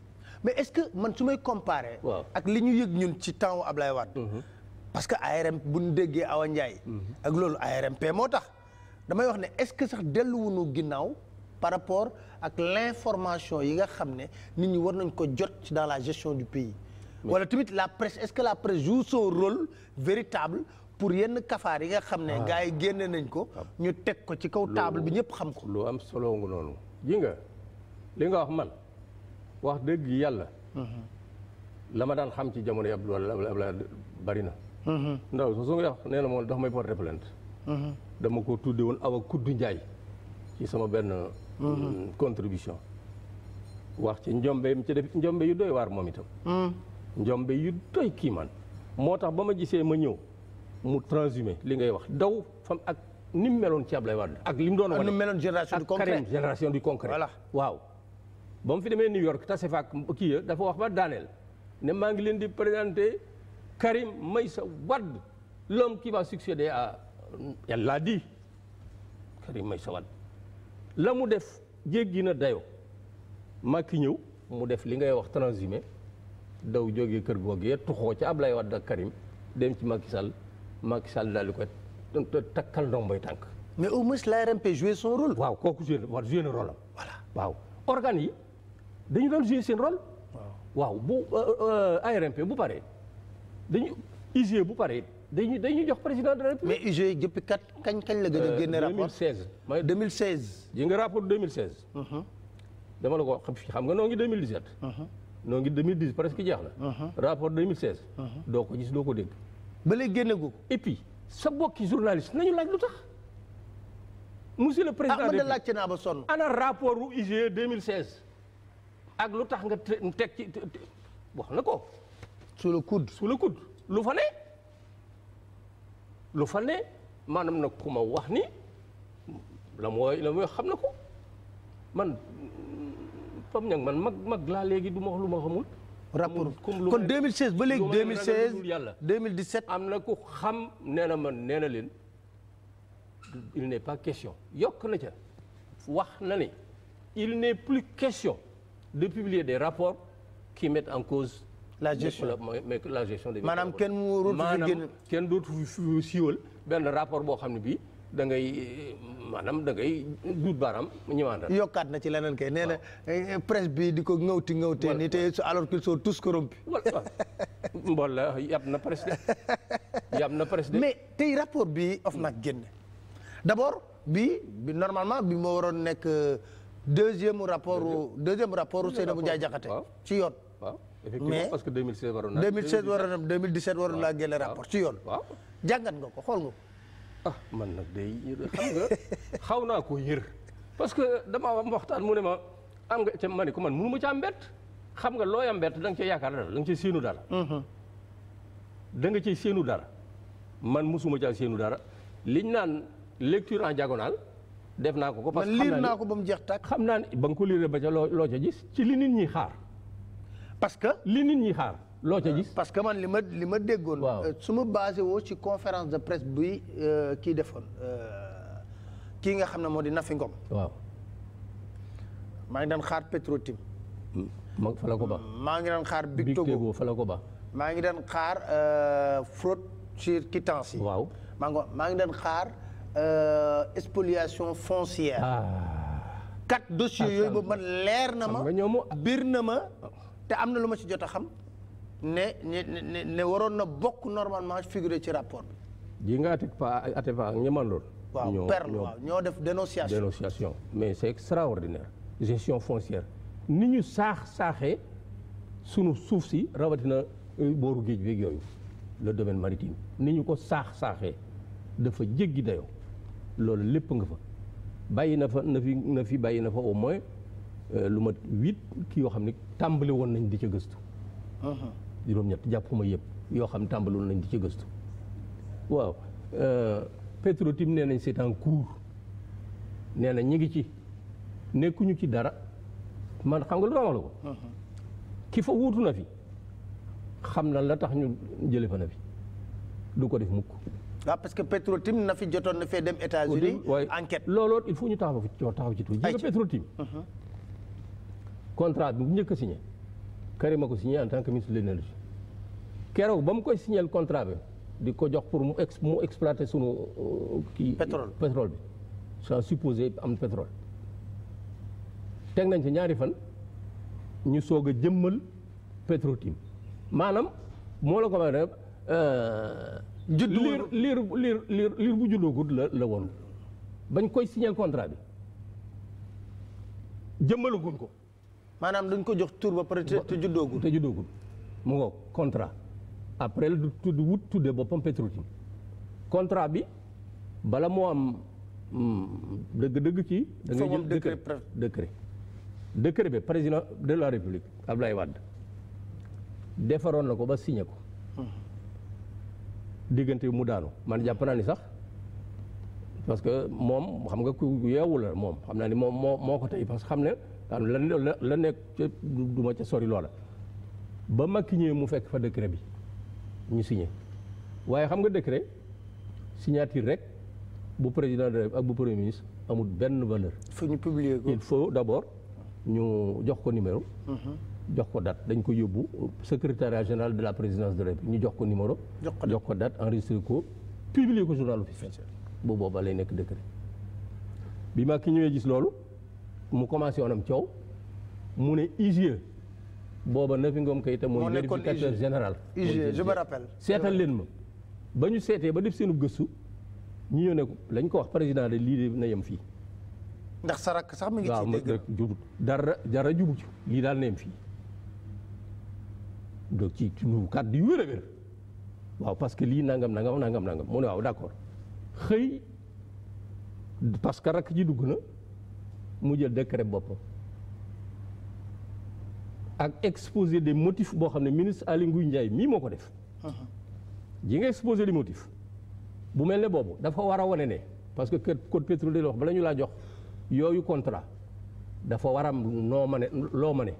mais est-ce que man su may comparer waaw ak li ñu yëg ñun ci temps Ablaye Wade mm-hmm. parce que ARMP bu ñu déggee Awa Ndiaye. ak loolu ARMP moo tax damay wax ne est-ce que sax delluwunu ginnaaw par rapport ak l'information yi nga xam ne nit ñu war nañ ko jot ci dans la gestion du pays. wala tamit la presse est-ce que la presse joue son rôle véritable pour yenn kafaar yi nga xam ne. Ah. gars yi génne nañ ko. Ah. ñu teg ko ci kaw table bi ñëpp xam ko. lu am solo nga noonu. ji nga li nga wax man wax dëgg yàlla. Mhm. la ma daan xam ci jamono yi Abdoulaye bari na. ndaw su nga wax nee na moom dafa may porter plainte dama koo tudde woon awa kuddu njaay ci sama benn mm, contribution wax ci njombe mu ci def njombe yu doy waar moom itam njombe yu doy kiimaan moo tax ba ma gisee ma ñëw mu transhumé li ngay wax daw fam ak ni mu meloon ci Ablaye Wade ak li mu doon wane ak Karim génération du concret voilà waaw ba mu fi demee New York tase faak kii ya dafa wax ba daaneel ne maa ngi leen di présenté Karim may sa l'homme qui va succéder à elle l'a dit Karim Meïssa Wade la mu def jéggi na dayoo ki ñëw mu def li ngay wax transhumé daw jógee kër googee tuxoo ca Ablaye Wade ak Karim dem ci Macky Sall Macky Sall daal di ko takkal ndomboy tànk. mais au moins l'ARMP joué son rôle. waaw kooku joué na joué na am. voilà waaw organes yi dañu doon joué seen rôle. waaw waaw bu euh, euh, ARMP bu paree. dañu UG bu pare dañuy dañuy jox président de la république. mais UG depuis kat kañ kañ la gën a euh, génne rapport 2016. mooy 2016. ji nga rapport 2016. Uh-huh. dama la ko xam nga noo ngi 2017. Uh-huh. noo ngi 2010 presque jeex na. Uh-huh. rapport 2016. doo ko gis doo ko dégg. ba léegi génne gu ko. sa bokki journaliste nañu laaj lu tax. monsieur le président ah man de laajte naa ba sonn. ana rapport u UG 2016. ak lu tax nga teg ci wax na ko. sous le coude sous le coude lu fa ne lu fa ne maanaam na ku ma wax ni la mooy la mooy xam na ko man Pam man mag mag laa léegi du ma wax lu ma xamul rapport kon 2016 ba léegi 2016 yàlla 2017 am na ku xam nee na man nee na leen il n'est pas question yokk na ca wax na ne il n'est plus question de publier des rapports qui mettent en cause la gestion mais la gestion maanaam kenn mu warul fi génn kenn dootu fi siiwal benn rapport boo xam ne bii dangay ngay maanaam da ngay duut baaraam ñëwaandal yokkaat na ci leneen kay nee na presse bi di ko ŋawti ŋawtee ni te alors qu'ils sont tous corrompus mbool la yàpp na presse de na presse de mais tey rapport bi of nag génn d'abord bi bi normalement bi moo waroon nekk euh, deuxième rapport deuxième rapport Seynabou Ndiaye Diakhaté ci yoon effectivement parce que 2016 waroon na 2016 waroon na 2017 waroon laa génne rapport ci yoon. waaw jàngat nga ko xool nga ko. ah man nag day xam nga xaw naa ko yër parce que damaa waxtaan mu ne ma am nga ca ma ne ko man mënu ma ca am mbett xam nga looy am mbett da nga cee yaakaar dara da nga cee séenu dara. Mhm. da nga cee séenu dara man mosuma caa séenu dara liñ naan lecture en diagonale def naa ko ko. man liir naa ko ba mu jeex tàkk. xam naa ba nga ko liiree ba ca loo loo ca gis ci li nit ñi xaar. parce que li nit ñi xaar loo ca euh, gis. parce que man li ma li ma déggoon. Euh, su ma basé woo ci conférence de presse bi euh, kii defoon kii nga xam ne moo di Nafi Ngom. waaw maa ngi daan xaar Petrotim. ma fa la ko ba. maa ngi daan xaar Big Togo fa la ko ba. maa ngi daan xaar fraude sur quittance yi. waaw maa ngi maa ngi daan xaar spoliation foncière. Ah. quatre dossiers ah, yooyu ba man leer na ma. biir na ma. te am na lu ma ci jot a xam ne ne ne waroon na bokk normalement figuré ci rapport bi. ji nga Atepa Atepa ak ñemandoo. waaw perle waaw ñoo def dénonciation dénonciation mais c'est extraordinaire gestion foncière ni ñu saax saaxee sunu suuf si rawatina euh, booru géej bi yooyu le domaine maritime ni ñu ko saax saaxee dafa jéggi dayoo loolu lépp nga fa bàyyi na fa na fi na fi bàyyi na fa au Euh, lu ma huit kii yoo xam ne tàmbali woon nañ di ca gëstu. Uh-huh. juróom-ñett jàppuma yëpp yoo xam ne tàmbali woon nañ di ca gëstu waaw euh, Petro-Tim nee nañ c'est en cours nee na ñi ngi ci nekkuñu ci dara man xam nga lu tax la ko. Uh-huh. ki fa wuutu na fi xam na la tax ñu jëlee fa na fi du ko def mukk waaw ah, parce que Petro-Tim na fi jotoon na fee dem États-Unis enquête looloo il faut ñu taxaw ci taxaw ci tuuti. ayca nga Petro-Tim. Uh-huh. contrat bi bu njëkk a signé Karim ko signé en tant que ministre de l'énergie keroog ba mu koy signé contrat bi di ko jox pour mu ex mu exploiter sunu euh, kii. pétrole pétrole bi sans supposé am pétrole. teg nañ si ñaari fan ñu soog a jëmmal Petro-Tim maanaam moo la ko may euh, def. liir liir liir liir liir bu juddoogut la la woon bañ koy signé contrat bi jëmmalaguñ ko. maanaam dañ ko jox tur ba pare te juddoogul te juddoogul mu ngoog contrat après du tudd wut tudde boppam Petrotim contrat bi bala moo am hmm, dëgg-dëgg kii dangay ngay jël décret décret décret bi président de la république Abdoulaye Wade defaroon na ko ba signé ko hmm. diggante mu daanu man jàpp naa ni sax parce que moom xam nga ku yeewu la moom xam naa ni moom moo moo ko tey parce xam ne waaw la la nekk ca du ma ca sori loola ba Macky ñëwee mu fekk fa décret bi ñu signé waaye xam nga décret signature rek bu président de ak bu premier ministre amul benn valeur. faut ñu publier ko il faut d' abord ñu jox ko numéro. Mhm. jox ko date dañ ko yóbbu secrétariat général de la présidence de ñu jox ko numéro. jox ko date enregistré ko publier ko journal officiel. bu boobaa lay nekk décret bi Macky ñëwee gis loolu. mu commencé woon am coow mu ne IGE booba Nafi Ngom Keïta mooy vérificateur général IGE je me rappelle seetal leen ma ba ñu seetee ba def seenu gëstu ñu ñëw ne lañ ko wax président de lii de na yem fii ndax sa rakk sax mi ngi ciy dégg jubut dara dara jubu ci lii daal na yem fii donc ci nu kàddu yu wér a wér waaw parce que lii nangam nangam nangam nangam mu ne waaw d'accord xëy parce que rakk ji dugg na mu jël décret boppam ak exposé des motifs boo xam ne ministre alingu Ngouille Ndiaye mii moo ko def. Uh-huh. ji nga exposé des motif bu mel ne boobu dafa war a wane ne parce que code pétrolier wax bala ñu laa jox yooyu contrat dafa war a am noo ne loo ma ne.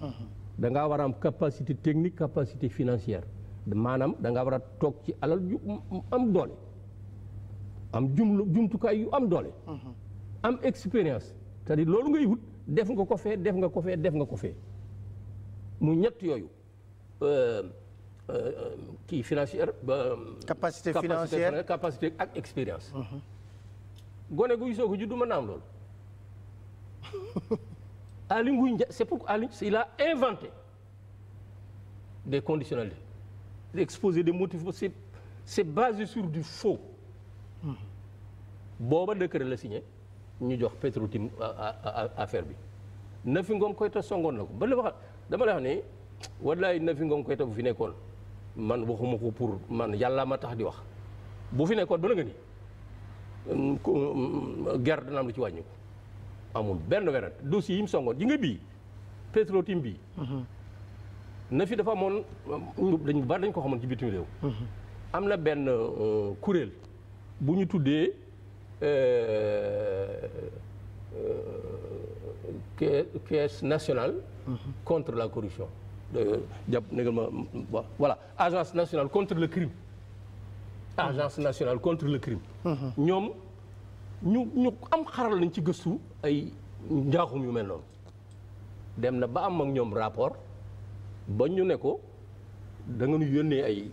Uh-huh. da ngaa war am capacité technique capacité financière maanaam da ngaa war a toog ci alal ju am doole am jum jumtukaay yu am doole. Uh-huh. am expérience cest à loolu ngay wut def nga ko fee def nga ko def nga ko fee mu ñett yooyu euh, euh, kii financière ba. capacité financière capacité ak expérience. Mhm. gone guy soog a juddu mën naa am loolu. Aly Ngouille Ndiaye c'est pourquoi Aly il a inventé des conditionnalités exposé des motifs c'est c'est basé sur du faux. Mhm. booba décret la signé. ñu jox Petrotim affaire bi Nafi Ngom Koyta songoon na ko ba la waxal dama lay wax ni wallaay Nafi Ngom Koyta bu fi nekkoon man waxuma ko pour man yàlla ma tax di wax bu fi nekkoon ba la nga ni mm, mm, guerre dana am lu ci wàññi amul benn wérat dossier yim mu songoon ji nga bii Petrotim bii mhm. na dafa amoon dañ bari ko xamoon ci bitim réew mhm. am na benn euh, kuréel bu ñu tuddee Euh, euh, caisse nationale mhm. contre la corruption jàpp nagal ma voilà agence nationale contre le crime agence nationale contre le crime mhm. ñoom ñu ñu am xaral lañ ci gëstu ay njaaxum yu mel noonu dem na ba am ak ñoom rapport ba ñu ne ko da nga yónnee ay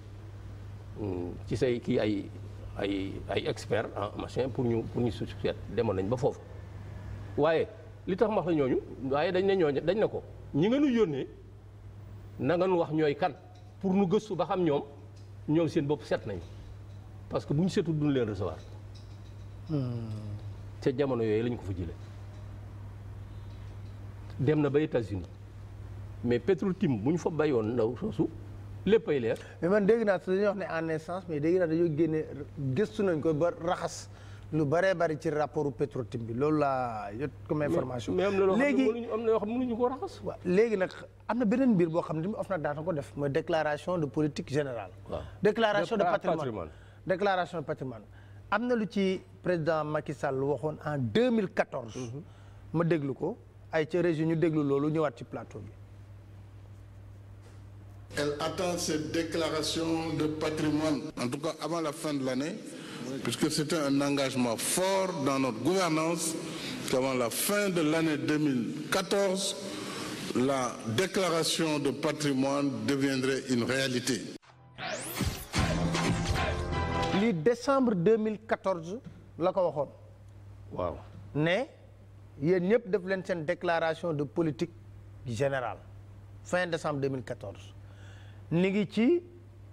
mm, ci say kii ay ay ay experts en ah, machin pour ñu pour ñu succéder demoon nañ ba foofu waaye li tax ma wax la ñooñu waaye dañ ne ñooñu dañ ne ko ñi nga nu yónnee na nu wax ñooy kan pour nu gëstu ba xam ñoom ñoom seen bopp set nañu parce que bu ñu setul duñ leen recevoir. Hmm. ca jamono yooyu lañ ko fa jëlee. dem na ba États-Unis mais Petro-Tim bu ñu fa bayoon ndaw soosu. lépp leer. mais man dégg naa dañuy wax ne en essence mais dégg naa dañoo génne gëstu nañ ko ba raxas lu baree bari ci rapport Petro-Tim bi loolu laa yot comme information. léegi mais am na loo xam ne mënuñu ko raxas. waaw léegi nag am na beneen mbir boo xam ne of na daan ko def mooy déclaration de politique générale. déclaration de patrimoine déclaration de patrimoine am na lu ci président Macky Sall waxoon en 2014. Mhm. ma déglu ko ay ca région ñu déglu loolu ñëwaat ci plateau bi. Elle attend cette déclaration de patrimoine, en tout cas avant la fin de l'année, puisque c'était un engagement fort dans notre gouvernance qu'avant la fin de l'année 2014, la déclaration de patrimoine deviendrait une réalité. li décembre 2014 la ko waxoon. waaw ne yéen ñëpp def leen seen déclaration de politique générale fin décembre 2014. ni ngi ci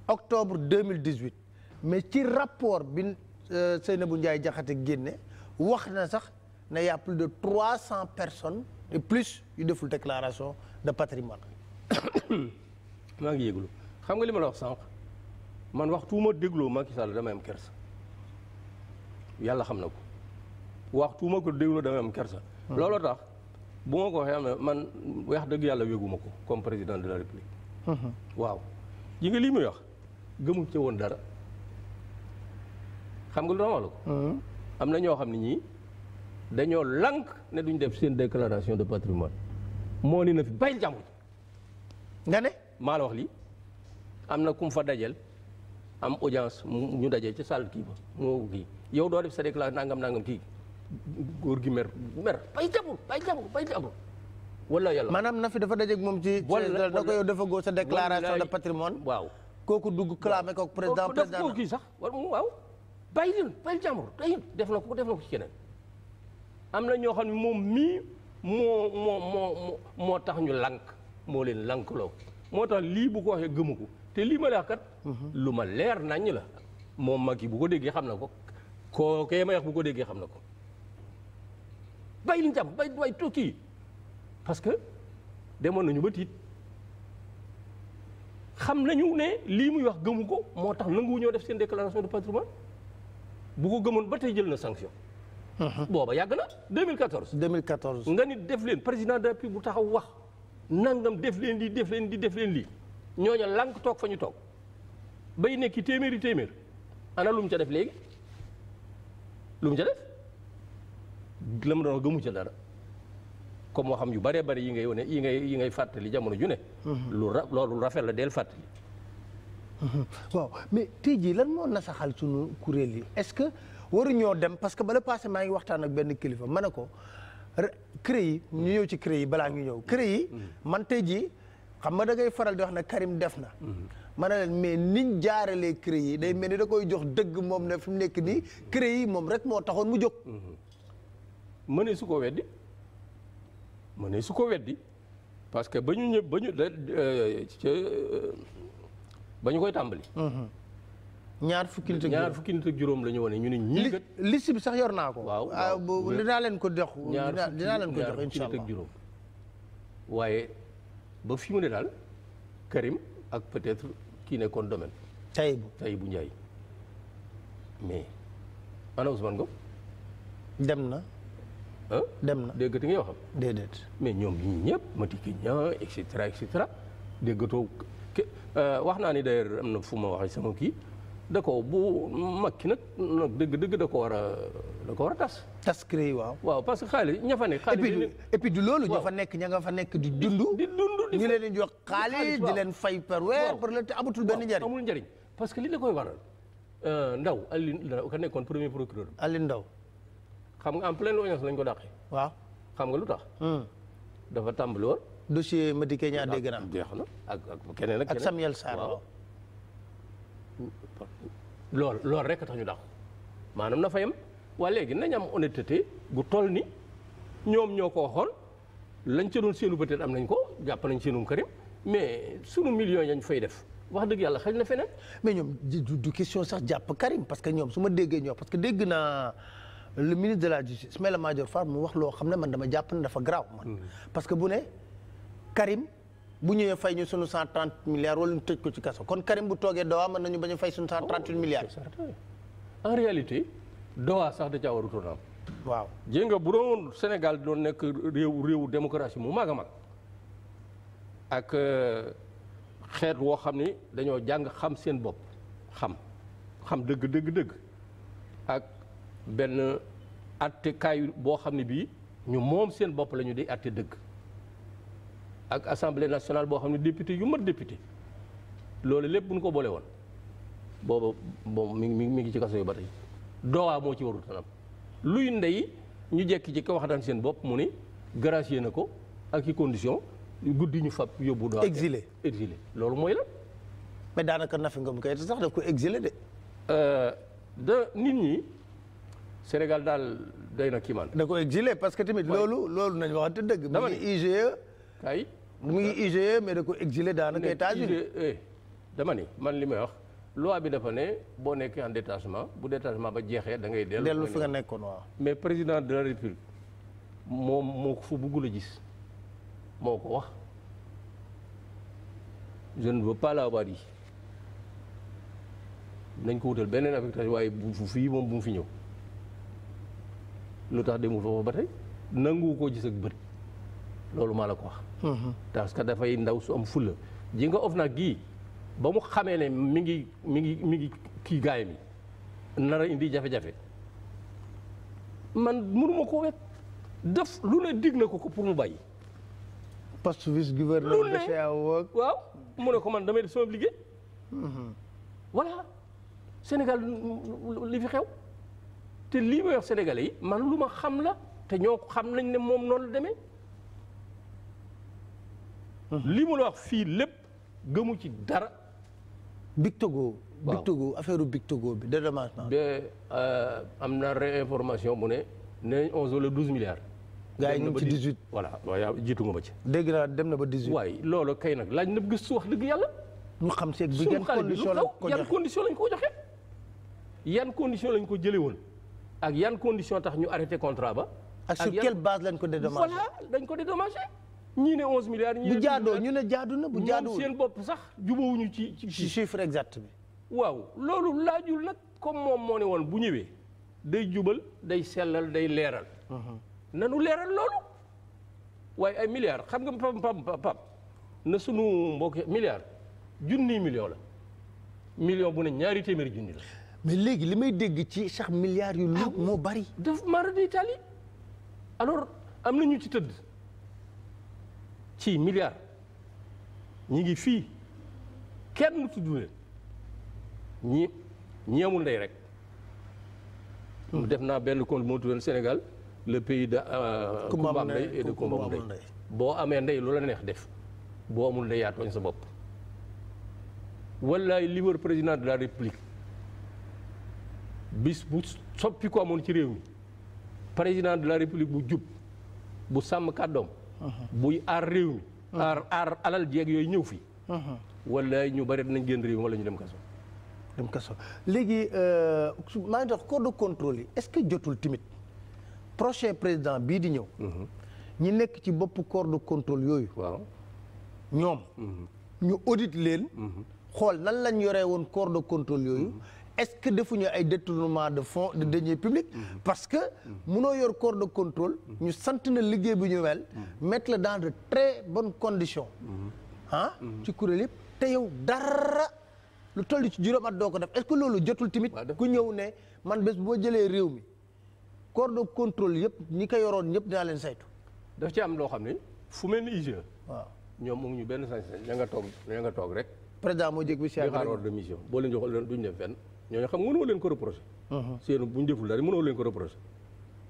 octobre deux mille dix huit mais ci rapport bi euh, Seynabou Ndiaye Diakhaté génne wax na sax na y' a plus de trois cent personnes et plus yu deful déclaration de patrimoine maa ngi yéglu xam nga li ma la wax sànq man waxtu ma dégloo Macky Sall damay am kersa yàlla xam na ko waxtu ma ko dégloo damay am kersa. Hmm. looloo tax bu ma ko waxee am na man wax dëgg yàlla wéguma ko comme président de la république. waaw yi nga lii muy wax gëmu ci woon dara xam nga lu ma ko. Hmm. am na ñoo xam ne ñii dañoo lank ne duñ def seen déclaration de patrimoine moo ni na fi bàyyil jàmbur nga ne maa la wax lii am na kum fa dajel am audience ñu dajee ci salle kii ba moo kii yow doo def sa déclaration nangam nangam kii góor gi mer mer bàyyi jàmbur bàyyi jàmbur bàyyi jàmbur wala yàlla maanaam Nafi dafa dajeeg moom ci. wala da ko yow dafa góor sa déclaration de patrimoine waaw kooku dugg clamé ko président président waaw kii sax waaw. bàyyi leen bàyyi jàmbur day def na ko def na ko ci keneen am na ñoo xam ne moom mii moo moo moo moo tax ñu lank moo leen lànkloo moo tax lii bu ko waxee gëmu ko te lii ma la kat. lu ma leer nàññ la. moom ma yi bu ko déggee xam na ko koo kee ma wax bu ko déggee xam na ko bàyyi leen jàmbur bàyyi waaye tuuti. parce que demoon nañu ba tiit xam nañu ne lii muy wax gëmu ko moo tax nanguwu ñoo def seen déclaration de patrimoine bu ko gëmoon ba tey jël na sanction. Mhm. booba yàgg na 2014. 2014 nga ni def leen président de la République bu taxaw wax nangam def leen lii def leen lii def leen lii ñooña lànk toog fa ñu toog bay nekki téeméeri téeméer ana lu mu ca def léegi lum mu ca def la mu doon gëmu ca dara. comme moo xam yu bëree bëri yi ngay wane yi ngay yi ngay fàttali jamono ju ne. Mhm. lu ra loolu rafet la del fàttali. Mhm. waaw mais tey jii lan moo nasaxal sunu kuréel yi est-ce que waruñoo dem parce que bala passé maa ngi waxtaan ak benn kilifa ma ne ko CREI yi ñu mhm. ñëw ci CREI yi balaa ñu ñëw oh. CREI yi man jii xam nga dangay faral di wax ne Karim def na. ma ne leen mais niñ jaaralee CREI yi day mel ni da koy jox dëgg moom ne fu mu nekk nii CREI yi moom rek moo taxoon mu jóg. mënee su ko weddi. mën ne su ko weddi parce que ba ñu ñëpp ba ñu ba ñu koy tàmbali. Mhm. ñaar fukki nit ak juróom la ñu wane ñu ne ñii kat. liste sax yor naa ko. waaw ah, dinaa leen ko jox. dinaa leen ko jox incha allah waaye ba fi mu ne daal Karim ak peut-être kii nekkoon domaine. Taïbu Taïbu Ndiaye mais ana Ousmane Ngom. dem na. dem na dégg nga waxam. déedéet. mais ñoom ñii ñëpp Madické Niang et cetera et cetera déggatoo euh, wax naa ni d'ailleurs am na fu ma waxee sama kii da ko bu makki nag nag dëgg-dëgg da ko war a da ko war a tas. tas créé waaw. waaw parce que xaalis ña fa nekk. xaalis bi et puis du loolu. ña fa nekk ña nga fa nekk di dund. di dund di ñu leen di jox xaalis di leen fay par weer. par la te amatul benn njariñ amul njariñ parce que li la koy waral. Euh, Ndaw Aliou Ndaw ka nekkoon premier procureur. Aliou Ndaw. xam nga en lañ ko dàqee. waaw xam nga lu tax. Hmm. dafa tàmb lool dossier Madi Kenya dégg naa. jeex na ak ak keneen ak. ak Samuel Sarr lool loolu loolu a tax ñu dàqu maanaam na fa yem waa léegi nañ am honnêteté gu toll ni ñoom ñoo ko waxoon lañ ca doon seenu peut am nañ ko jàpp nañ seenum kërim mais sunu millions yañ fay def. wax dëgg yàlla xëy na feneen. mais ñoom du question sax jàpp Karim parce que ñoom su ma déggee ñoom parce que dégg naa le ministre de la justice Ismaïla Madior Fall mu wax loo xam ne man dama jàpp na dafa graaw man mm. parce que bu ne Karim bu ñëwee fay ñu sunu cent trente milliards ñu tëj ko ci kaso kon Karim bu toogee Doha man nañu bañ a fay sunu cent trente huit oh, en réalité Doha sax da caa warutoon waaw jéeg nga bu doon Sénégal doon nekk réew réewu démocratie mu mag a mag ak euh, xeet woo xam ni dañoo jàng xam seen bopp xam xam dëgg dëgg dëgg benn attekaay boo xam ne bii ñu moom seen bopp lañu ñu di atte dëgg ak assemblée nationale boo xam ne député yu mat député loolu lépp bu ko boole woon booba moom mi ngi mi ngi ci kaso yu ba tey doowaa moo ci warul tanam luy ndey ñu jekki ci ko wax daan seen bopp mu ni gracier na ko ak i condition guddi ñu fab yóbbu doowaa exilé exilé loolu mooy la mais daanaka Nafi Ngom Keïta sax daf ko exilé de euh, de nit ñi Sénégal daal doy na kii man. da ko exilé parce que tamit loolu loolu nañu waxante dëgg. dama ni IGE. kay mu ngi IGE mais da ko exilé daanaka États-Unis eh, dama ni man li may wax loi bi dafa ne boo nekkee en détachement bu détachement ba jeexee dangay ngay. dellu dellu fi nga nekkoon waaw. mais président de la république moom moo ko fa bëggul a gis moo ko wax je ne veux pas l'avoir nañ ko wutal beneen affectation waaye bu fii moom bu mu fi ñëw. lu tax demul foofu ba tey nangu koo gis ak bët loolu maa la ko wax. Mhm. parce que dafay ndaw su am fulla ji nga of nag gii ba mu xamee ne mi ngi mi ngi mi ngi kii gaay mi nar a indi jafe-jafe man mënuma ko wet def lu ne dig na ko ko pour mu bàyyi. poste vice gouverneur de CEAO waaw mu ne ko man damay def sama liggéey. Mhm. voilà Sénégal li fi xew. te lii may wax sénégalais yi man lu ma xam la te ñoo xam lañ ne moom noonu la demee. mu la wax fii lépp gëmu ci dara. Bictogo. waaw Bictogo affaire bi dédommagement. Euh, am na réinformation bu ne nee onze wala douze milliards. gaa yi ñu ci dix huit voilà waaye jiitu nga ma ci. dégg naa dem na ba dix huit. waaye loolu kay nag laaj na gëstu wax dëgg yàlla. ñu xam seeg bi yan condition lañ ko joxe yan condition lañ ko jëlee woon. ak yan condition tax ñu arrêté contrat ba. ak sur quelle base lañ ko de voilà dañ ko dédommagé. ñii ne onze milliards ñii ne bu jaadoo ñu ne jaadu na bu jaaduwul seen bopp sax jubawuñu ci ci chiffre exact bi. waaw loolu laajul nag comme moom moo ne bu ñëwee day jubal day sellal day leeral. Mhm. nanu leeral loolu. waaye ay milliards xam nga pam pam pam na sunu mbokk milliards junni million la million bu ne ñaari téeméer junni la. mais léegi li may dégg ci sax milliards yu lu ah moo bari daf mara d'Italie alors am na ñu ci tëdd ci milliards ñi ngi fii kenn tudd leen ñi ñi amul ndey rek mu hmm. def naa benn compte moo Sénégal le pays de euh, Kumba am ndey et boo amee ndey loola neex def boo amul ndey yaa tooñ sa bopp wallaay li wër président de la république bis bu soppi ko amoon ci réew mi président de la république bu jub bu sàmm kàddoom. Uh-huh. buy aar réew mi. Uh-huh. aar aar alal jeeg yooyu ñëw fi. Uh-huh. wala ñu bari dinañ génn réew mi wala ñu dem kaso. dem kaso léegi euh, maa ngi tax corps de contrôle yi est-ce que jotul timit prochain président bii di ñëw. ñi nekk ci bopp corps de contrôle yooyu. waaw ñoom. ñu audit leen. xool nan lañ yoree woon corps de contrôle yooyu. est-ce que defuñu ay détournement de fonds de deniers publics mm-hmm. Mm-hmm. parce que munoo yor corps de contrôle mm-hmm. ñu sant na liggéey bu ñu wel mettre la dans de très bonnes conditions ah ci kuréel yëpp te yow dara lu toll ci juróom at doo ko def est-ce que loolu jotul tamit ku ñëw ne man bés boo jëlee réew mi corps de contrôle yëpp ñi ko yoroon ñëpp dinaa leen saytu daf ci am loo xam ne fu mel ni IGE waaw ñoom mu ñu benn sañ-sañ ña nga toog ña toog rek président moo jég bi chef ordre de mission boo leen ñooñu xam mënoo leen ko reproché. Mhm. seen bu ñu deful dara mënoo leen ko reproché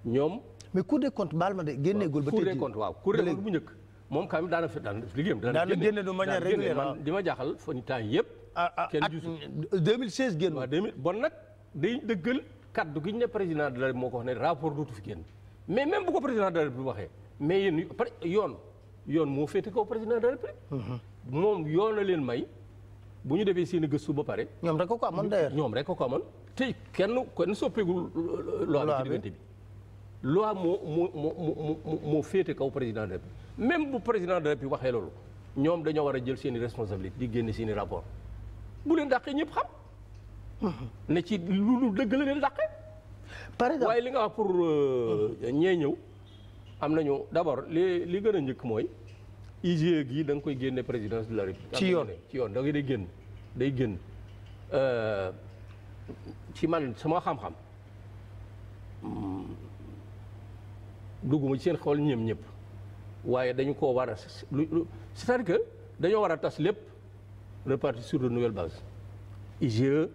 ñoom. mais cour des comptes baal ma de génneegul. ba tey cour des comptes waaw cour des comptes bu njëkk. moom quand même daan na fi daan liggéeyam. daan na génne de manière régulière man di ma jaaxal fan temps yëpp. ah ah kenn gisul 2016 génn. waaw 2000 bon nag day dëggal kaddu gi ñu ne président de la République moo ko wax ne rapport dootu fi génn mais même bu ko président de la République waxee mais yéen yoon yoon moo féete kaw président de la République. Mhm. moom yoon la leen may. bu ñu defee seen i gëstu ba pare. ñoom rek ko ko amoon d'ailleurs ñoom rek ko ko amoon tey kenn kenn soppeegul. loi bi ci diggante bi. loi moo moo moo moo moo féete kaw président même bu président de waxee loolu ñoom dañoo war a jël seen i responsabilité di génne seen i rapport bu leen dàqee ñëpp xam. ne ci lu lu dëgg la leen dàqee. par exemple waaye li nga wax pour euh, ñee ñëw am nañu d'abord li li gën a njëkk mooy. IGE gi da nga koy génne présidence de la République. ci yoon ci yoon da ngay day génn day génn euh, ci man sama xam-xam mm, dugguma ci seen xool ñëm ñëpp waaye dañu koo war a lu lu que dañoo war a tas lépp repartir sur de nouvelles bases IGE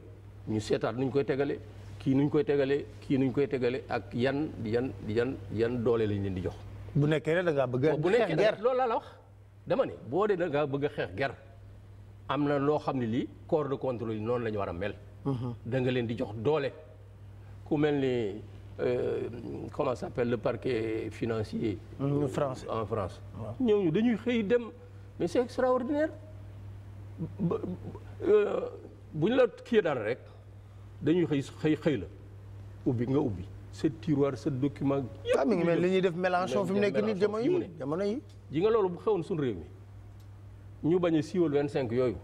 ñu seetaat nuñ koy tegale kii nuñ koy tegale kii nuñ koy tegale ak yan yan yan yan doole lañ leen di jox. bu nekkee da ngaa bëgg a. bu nekkee loolu laa la dama ne boo dee da ngaa bëgg a xeex ger am na loo xam ne lii corps de contrôle yi noonu la ñu war a mel. Mhm. da nga leen di jox doole. ku mel ni euh, comment ça s'appelle le parquet financier. Mhm, en France en France. ñooñu dañuy xëy dem mais c'est extraordinaire euh, bu ñu la kii dara rek dañuy xëy xëy xëy la ubbi nga ubbi. sa tiroir sa document. yëpp mi ngi mel li ñuy def Mélenchon fi mu nekk nii jamono yi jamono yi. ji nga loolu bu xewoon suñu réew mi ñu bañ a siiwal cinq yooyu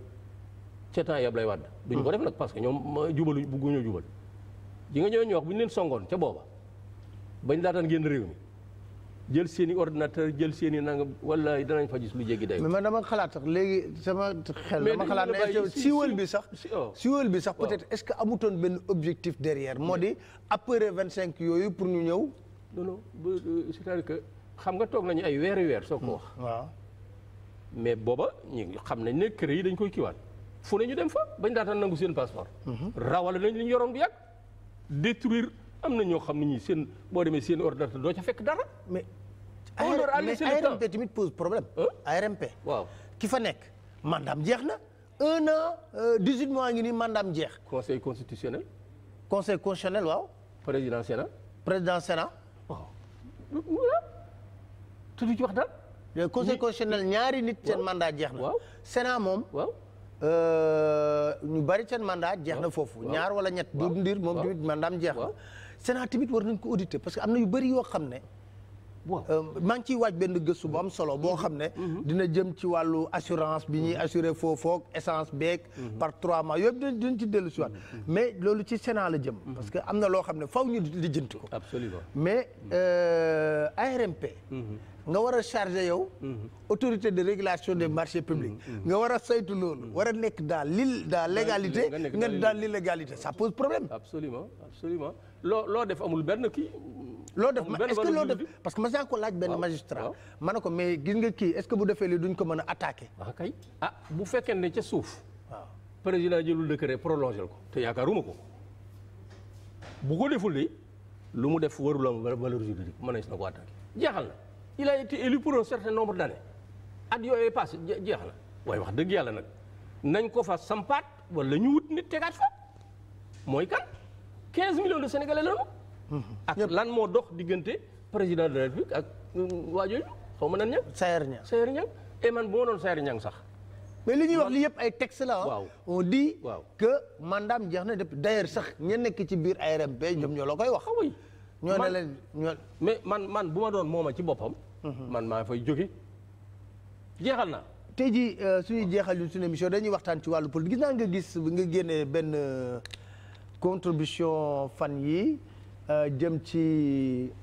ca temps yab lay wàdd. duñu ko hmm. def nag parce que ñoom jubalu bugguñoo jubal. ji nga ñooñu wax bu ñu leen songoon ca booba bañ daataan génn réew mi jël seen i ordinateur jël seen i nangam wallaay danañ fa gis lu jéggi day mais dama xalaat sax léegi sama xel dama xalaat ne oh. siwal bi sax siwal bi sax peut-être est-ce que amutoon benn objectif derrière moo di après vingt cinq yooyu pour ñu ñëw non non euh, cest que xam nga toog nañu ay weeri weer soo ko wax hmm, waaw mais booba ñu xam nañ ne kër yi dañ koy kiiwaat fu ne ñu dem fa bañ daataan nangu seen passeport hmm. rawale nañ li yoroon bu yàgg am na ñoo xam ne ñii seen boo demee seen ordinateur doo ca fekk dara. mais ARMP tamit pose problème. ARMP. waaw ki fa nekk mandaam jeex na un an euh, dix huit ngi nii mandam jeex. conseil constitutionnel. conseil constitutionnel waaw. président Sénat. président Sénat. waaw. te du ci wax dara. conseil constitutionnel ñaari nit seen mandat jeex na. waaw Sénat moom. waaw. Euh, ñu bari seen mandat jeex na foofu. ñaar wala ñett. waaw du ndir moom tamit mandaam jeex na. Sénat tamit war nañ ko auditer parce que am na yu bëri yoo xam ne. Euh, maa ngi ciy waaj benn gëstu bu am solo boo xam ne. Mhm. Mhm. dina jëm ci wàllu assurance bi ñuy mhm. assuré foofook essence beeg. par trois mois yooyu dinañ ci dellu si waat mais loolu ci Sénat la jëm. parce que am na loo xam ne faw ñu lijjanti ko. absolument mais euh, ARMP. nga war a chargé yow. autorité de régulation des marchés publics. nga war a saytu loolu. war a nekk daal li daal légalité nga dans l' illégalité ça pose problème. absolument absolument loo loo def amul benn kii. loo def est-ce que def parce que mas naa ko laaj benn magistrat. ma ne ko mais gis nga kii est-ce que bu defee lii duñ ko mën a attaquer. waaw ah, kay ah, bu fekkee ne ca suuf. waaw président jëlul décret prolongé ko te yaakaaruma ko bu ko deful li lu mu def warul am valeur juridique mën nañu si na ko attaqué jeexal na il a été élu pour un certain nombre d'années at yooyu passé jeex na waaye wax dëgg yàlla nag nañ ko fa sampaat wala ñu wut nit tegaat fa mooy ka 15 millions de sénégalais lañu. ak lan moo dox diggante président de la république ak euh, waa jooju xaw ma nan ña. Sayer Niang Sayer Niang et eh, man bu ma doon Sayer Niang sax. mais li ñuy wax li yëpp ay texte la waaw on dit man mandaam jeex na depuis d'ailleurs sax ña nekk ci biir ARMP ñoom ñoo la koy wax ah ñoo ne leen ñoo man man bu ma doon mooma ci boppam mhm. man maa fay jóge jeexal na tey jii euh, suñuy jeexal yu suñu émission dañuy waxtaan ci wàllu politique gis naa nga gis nga génnee benn euh, contribution fan yi euh, jëm ci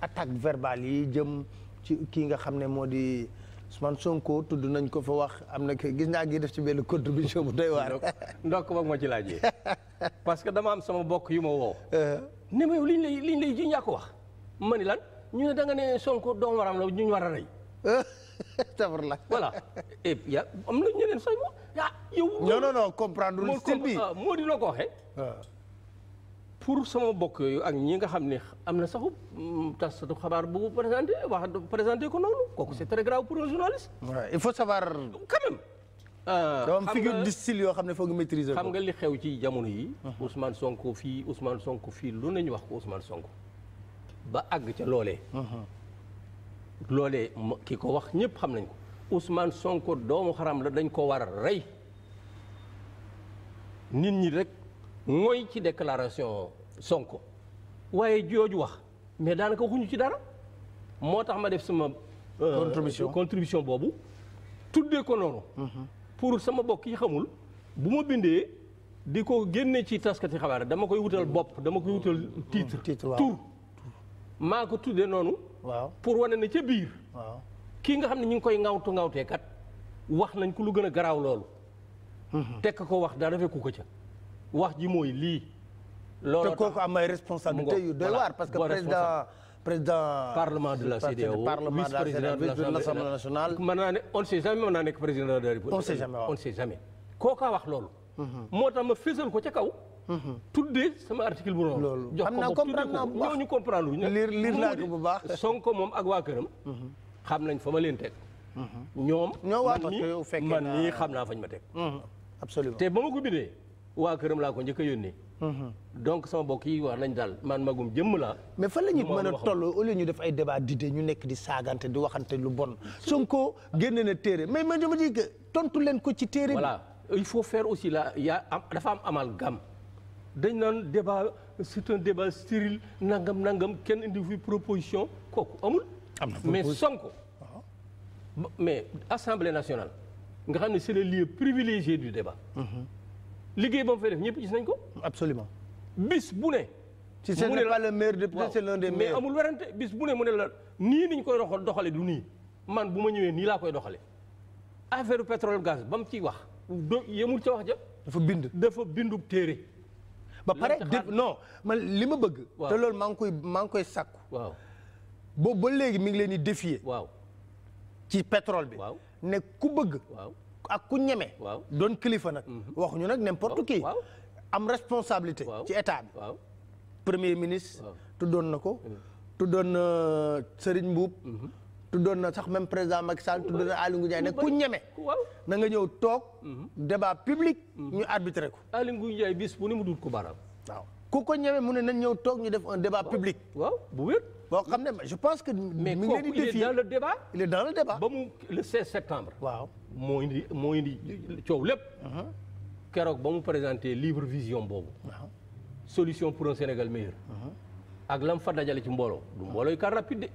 attaque verbal yi jëm ci kii nga xam ne moo di Ousmane Sonko tudd nañ ko fa wax am na gis naa ngi def ci benn contribution bu doy waar. ndokk ba moo ci laajee parce que dama am sama bokk yu ma woo. Euh. ne ma yow liñ lay liñ lay ji wax man ni lan ñu ne danga ne Sonko doom waram la ñu war a rey. tafar la voilà et puis am na ñeneen sax moom ah yow. non non non comprendre style bi ah, moo di loo ko waxee. Euh. pour sama bokk yooyu ak ñi nga xam ne am na saxu mm, tasatu xabaar bu présenté wax présenté ko noonu kooku c'est très grave pour un journaliste. il faut savoir. quand même. Euh, xam nga yoo xam ne foog maîtriser xam nga li xew ci jamono yi. Ousmane Sonko fii Ousmane Sonko fii lu ñu wax ko Ousmane Sonko. ba àgg ca loolee. loolee ki ko wax ñëpp xam nañ ko Ousmane Sonko doomu xaram la dañ koo war a rey nit ñi rek. mooy ci déclaration Sonko waaye jooju wax mais daanaka waxuñu ci dara moo tax ma def sama. Euh, contribution contribution boobu. tuddee ko noonu. Mhm. pour sama bokk yi xamul bu ma bindee di ko génne ci taskati xabaar dama koy wutal mhm. bopp dama koy wutal. Mhm. titre titre tur maa ko tuddee noonu. waaw pour wane na ca biir. waaw kii nga xam ne ñu ngi koy ŋawtu ŋawtee kat wax nañ ko lu gën a garaaw loolu. tekk ko wax daa defee ku ko ca. wax ji mooy lii. looloo tax te kooku am ay responsabilité la CEDEAO vice président de l'Assemblée on ne sait naa nekk président de la République on sait jamais wax loolu mhm. moo tax ma fésal ko ca kaw mhm. tuddee sama article bu loolu jox ko bopp tuddee ko ñooñu comprendre wuñu lire lire naa ko bu baax Sonko moom ak waa këram mhm. xam nañ fa ma leen teg ñoom man mii xam naa fañ ma teg te ba ma ko bindee waa këram laa ko njëkk a yónnee. Mhm. donc sama mbokk yi wax nañ daal man magum jëmm laa. mais fan la ñuy mën a toll ñu def ay débat d'idées ñu nekk di saagante di waxante lu bon. Sonko génne na téere mais man dama ji tontu leen ko ci téere bi. il faut fair aussi la yaa am dafa am amalgame dañ naan débat c'est un débat stérile nangam nangam kenn indi fi proposition kooku amul. am mais Sonko. Ah. mais assemblée nationale nga xam ne c'est le lieu privilégié du débat. Mhm. liggéey ba mu fay def ñëpp gis nañ ko. absolument bis bu ne. ci ce n'est pas le maire de c'est l'un des maires mais amul werante bis bu ne mu ne la nii niñ koy doxal doxale du nii man bu ma ñëwee nii laa koy doxale affaire pétrole gaz ba mu ciy wax do yemul ca wax ja dafa bind dafa bindub téere ba pare non ma li ma bëgg te lool maa ngi koy maa ngi koy sàkku waaw boobu ba léegi mi ngi leen di défier waaw ci pétrole bi waaw ne ku bëgg ak ku ñeme. waaw doon kilifa nag. Mhm. waxuñu nag n'importe qui. am responsabilité. ci état bi. premier ministre. doon na ko. Mhm. doon na euh, Serigne Mbuub. Mhm. doon na sax même président Macky Sall tuddoon na Aliou Ndiaye nag ku ñeme. na nga ñëw toog. débat public. ñu arbitré ko. Aliou Ndiaye bis bu ne mu dut ko baaraam. waaw ku ko ñeme mu ne nañ ñëw toog ñu def un débat public. waaw bu wér. boo xam ne je pense que. mi ngi leen di mais il est dans le débat. il est dans le débat. ba mu le 16 moo indi moo indi coow lépp. Uh-huh. keroog ba mu présenté livre vision boobu. Uh-huh. solution pour un Sénégal meilleur. Uh-huh. ak lam fa dajale ci mbooloo. du mbooloo yu car de.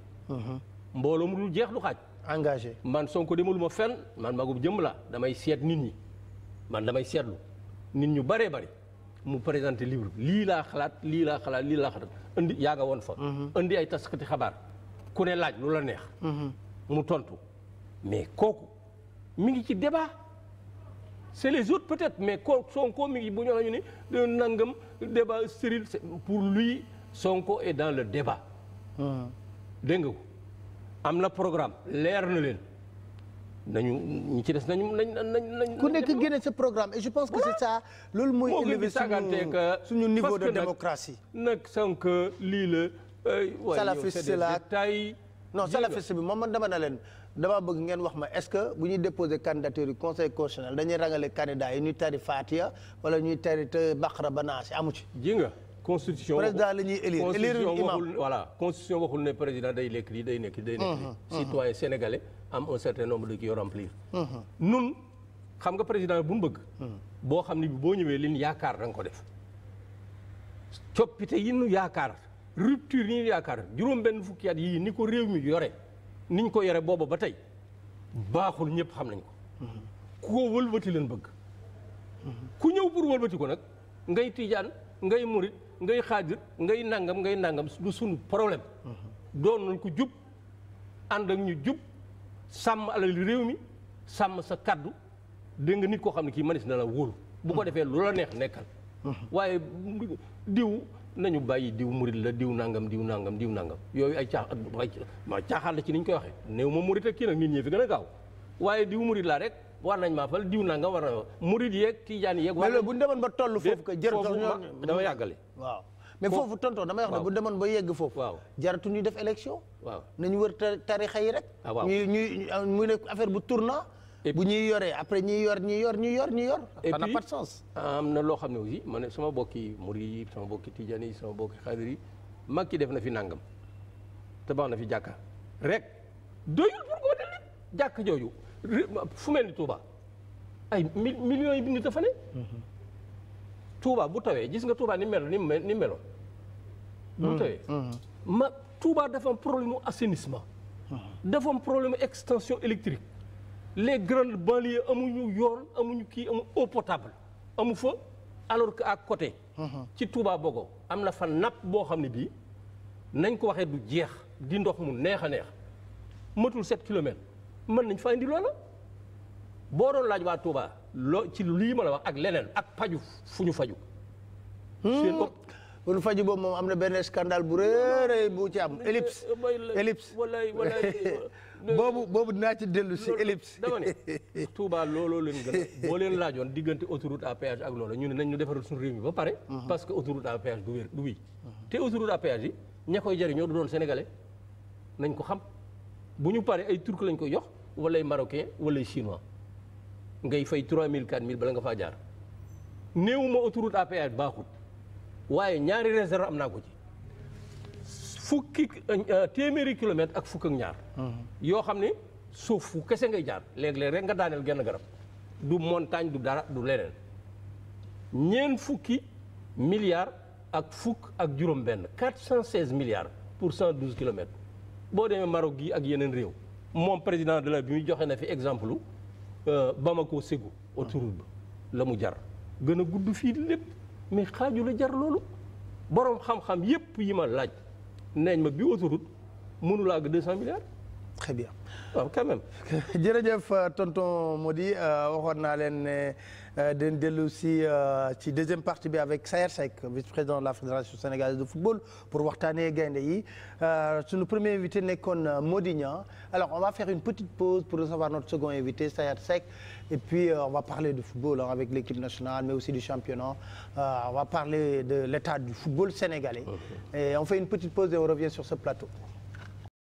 mbooloo mu dul jeex du xaaj. engagé man Sonko demaluma fenn man magub jëm la damay seet nit ñi man damay seetlu nit ñu baree bëri mu présenté livre lii laa xalaat lii laa xalaat lii laa xalaat indi yaa nga woon fa. indi ay taskati xabaar ku ne laaj lu la neex. mu tontu mais kooku. mi ngi ci débat c'est les autres peut-être mais ko Sonko mi ngi bu ñu wax ñu ne nangam débat stérile pour lui Sonko et dans le débat. dégg nga am na programme leer na leen. nañu ñu ci des nañu nañ nañ ku nekk génne sa programme et je pense que c'est ça loolu mooy élever suñu euh, niveau de démocratie nag sank lii la euh, salafiste la non salafiste bi moom ma dama na leen dama bëgg ngeen wax ma est-ce que bu ñuy déposer candidature yi conseil constitutionnel dañuy rangale candidat yi ñuy tari Fatiha wala ñuy tari te Baqara ba Naas amu ci. ji nga constitution. président la ñuy élire élire voilà constitution waxul ne président day lekk lii day nekk day nekk lii. citoyen sénégalais am un certain nombre de kii yoo remplir. nun xam nga président bu mu bëgg. boo xam ne boo ñëwee liñ yaakaar da ko def. coppite yi nu yaakaar rupture yi nu yaakaar juróom benn fukki at yii ni ko réew mi yore. ni ko yore booba ba tey baaxul ñëpp xam nañ ko ku ko wëlbati leen bëgg ku ñëw pour wëlbati ko nag ngay tiijaan ngay murit ngay xaadir ngay nangam ngay nangam du sunu problème doon nañ ko jub ànd ak ñu jub sàmm alal réew mi sàmm sa kàddu dégg nga nit koo xam ne kii manis na la wóolu bu ko defee lu la neex nekkal waaye diw nañu bàyyi diw murit la diw nangam diw nangam diw nangam yooyu ay caax ma caaxaan la ci ni ñu koy waxee néew ma murit ak kii nag nit ñi fi gën a gaaw waaye diw murit laa rek war nañ maa fal diw nangam war nañ murit yeeg tijaan yeeg mais bu ñu demoon ba toll foofu ko jërëtul dama yàggale waaw mais foofu tonton dama wax ne bu demoon ba yegg foofu waaw jaratu ñu def élection waaw nañu wër tarixa yi rek ñu ah, ñuy muy ne affaire bu tournant bu ñuy yoree après ñuy yor ñuy yor ñuy yor ñuy yor. ça n'a pas de sens. am na loo xam ne aussi ma sama bokki murid yi sama bokki tijaan yi sama bokki xaadir yi mag ki def na fi nangam te baax na fi jàkka rek doyul pour ko def jàkka jooju fu mel ni tuuba ay millions yi bindu dafa ne. Touba bu tawee gis nga Touba ni melo ni mu ni meloon. bu mm-hmm. tawee. Mm-hmm. ma Touba dafa am problème mu assainissement. Mm-hmm. problème extension électrique. les grandes banlieues amuñu yoon amuñu kii amu eau potable amu fa alors que ak côté. Mhm. ci Touba Bogo am na fan nap boo xam ne bii nañ ko waxee du jeex di ndox mu neex a neex matul 7 kilomètres mën nañ fa indi loola boo doon laaj waa Touba loo ci lii ma la wax ak leneen ak paju fu ñu faju hmm. seen bu faju boobu moom am na benn scandale bu rëy bu ci am eh, ellipse eh, ellipse walaay walaay boobu boobu dinaa ci dellu si ellipse. dama ne Touba looloo leen gën laajoon diggante autoroute à péage ak loolu ñu ne nañ ñu defaral suñu réew mi ba pare. Mhm. parce que autoroute à péage du wér du wii. te autoroute à yi ña koy jariñoo du doon sénégalais nañ ko xam bu ñu paree ay turc lañ koy jox wala ay marocain wala ay chinois ngay fay 3000 4000 bala nga fa jaar néewuma autoroute à péage baaxul waaye ñaari réserve am naa ko ci. fukki euh, téeméeri kilomètre ak fukk ak ñaar. Mhm. yoo xam ne suuf fu kese ngay jaar léeg-léeg rek nga daaneel genn garab du montagne du dara du leneen ñeent fukki milliards ak fukk ak juróom-benn quatre cent seize milliards pour cent douze kilomètres boo demee maro gi ak yeneen réew moom président de la bi muy joxe na fi exemple lu euh, Bamako Ségou autoroute la mu jar gën a gudd fii lépp mais xaaju la jar loolu boroom xam-xam yépp yi ma laaj. neeñ ma bi autoroute mënul àgg deux cent milliards. très bien waaw quand jërëjëf tonton Mody euh, waxoon naa leen ne. Euh, den dellu si euh, ci deuxième partie bi avec Sayer Seck vice-président de la fédération sénégalaise de football pour waxtaanee gaynde yi euh, suñu premier invité nekkoon Mody Niang alors on va faire une petite pause pour recevoir notre second invité Sayer Seck et puis on va parler de football avec l'équipe nationale mais aussi du championnat on va parler de l'état du football sénégalais et on fait une petite pause et on revient sur ce plateau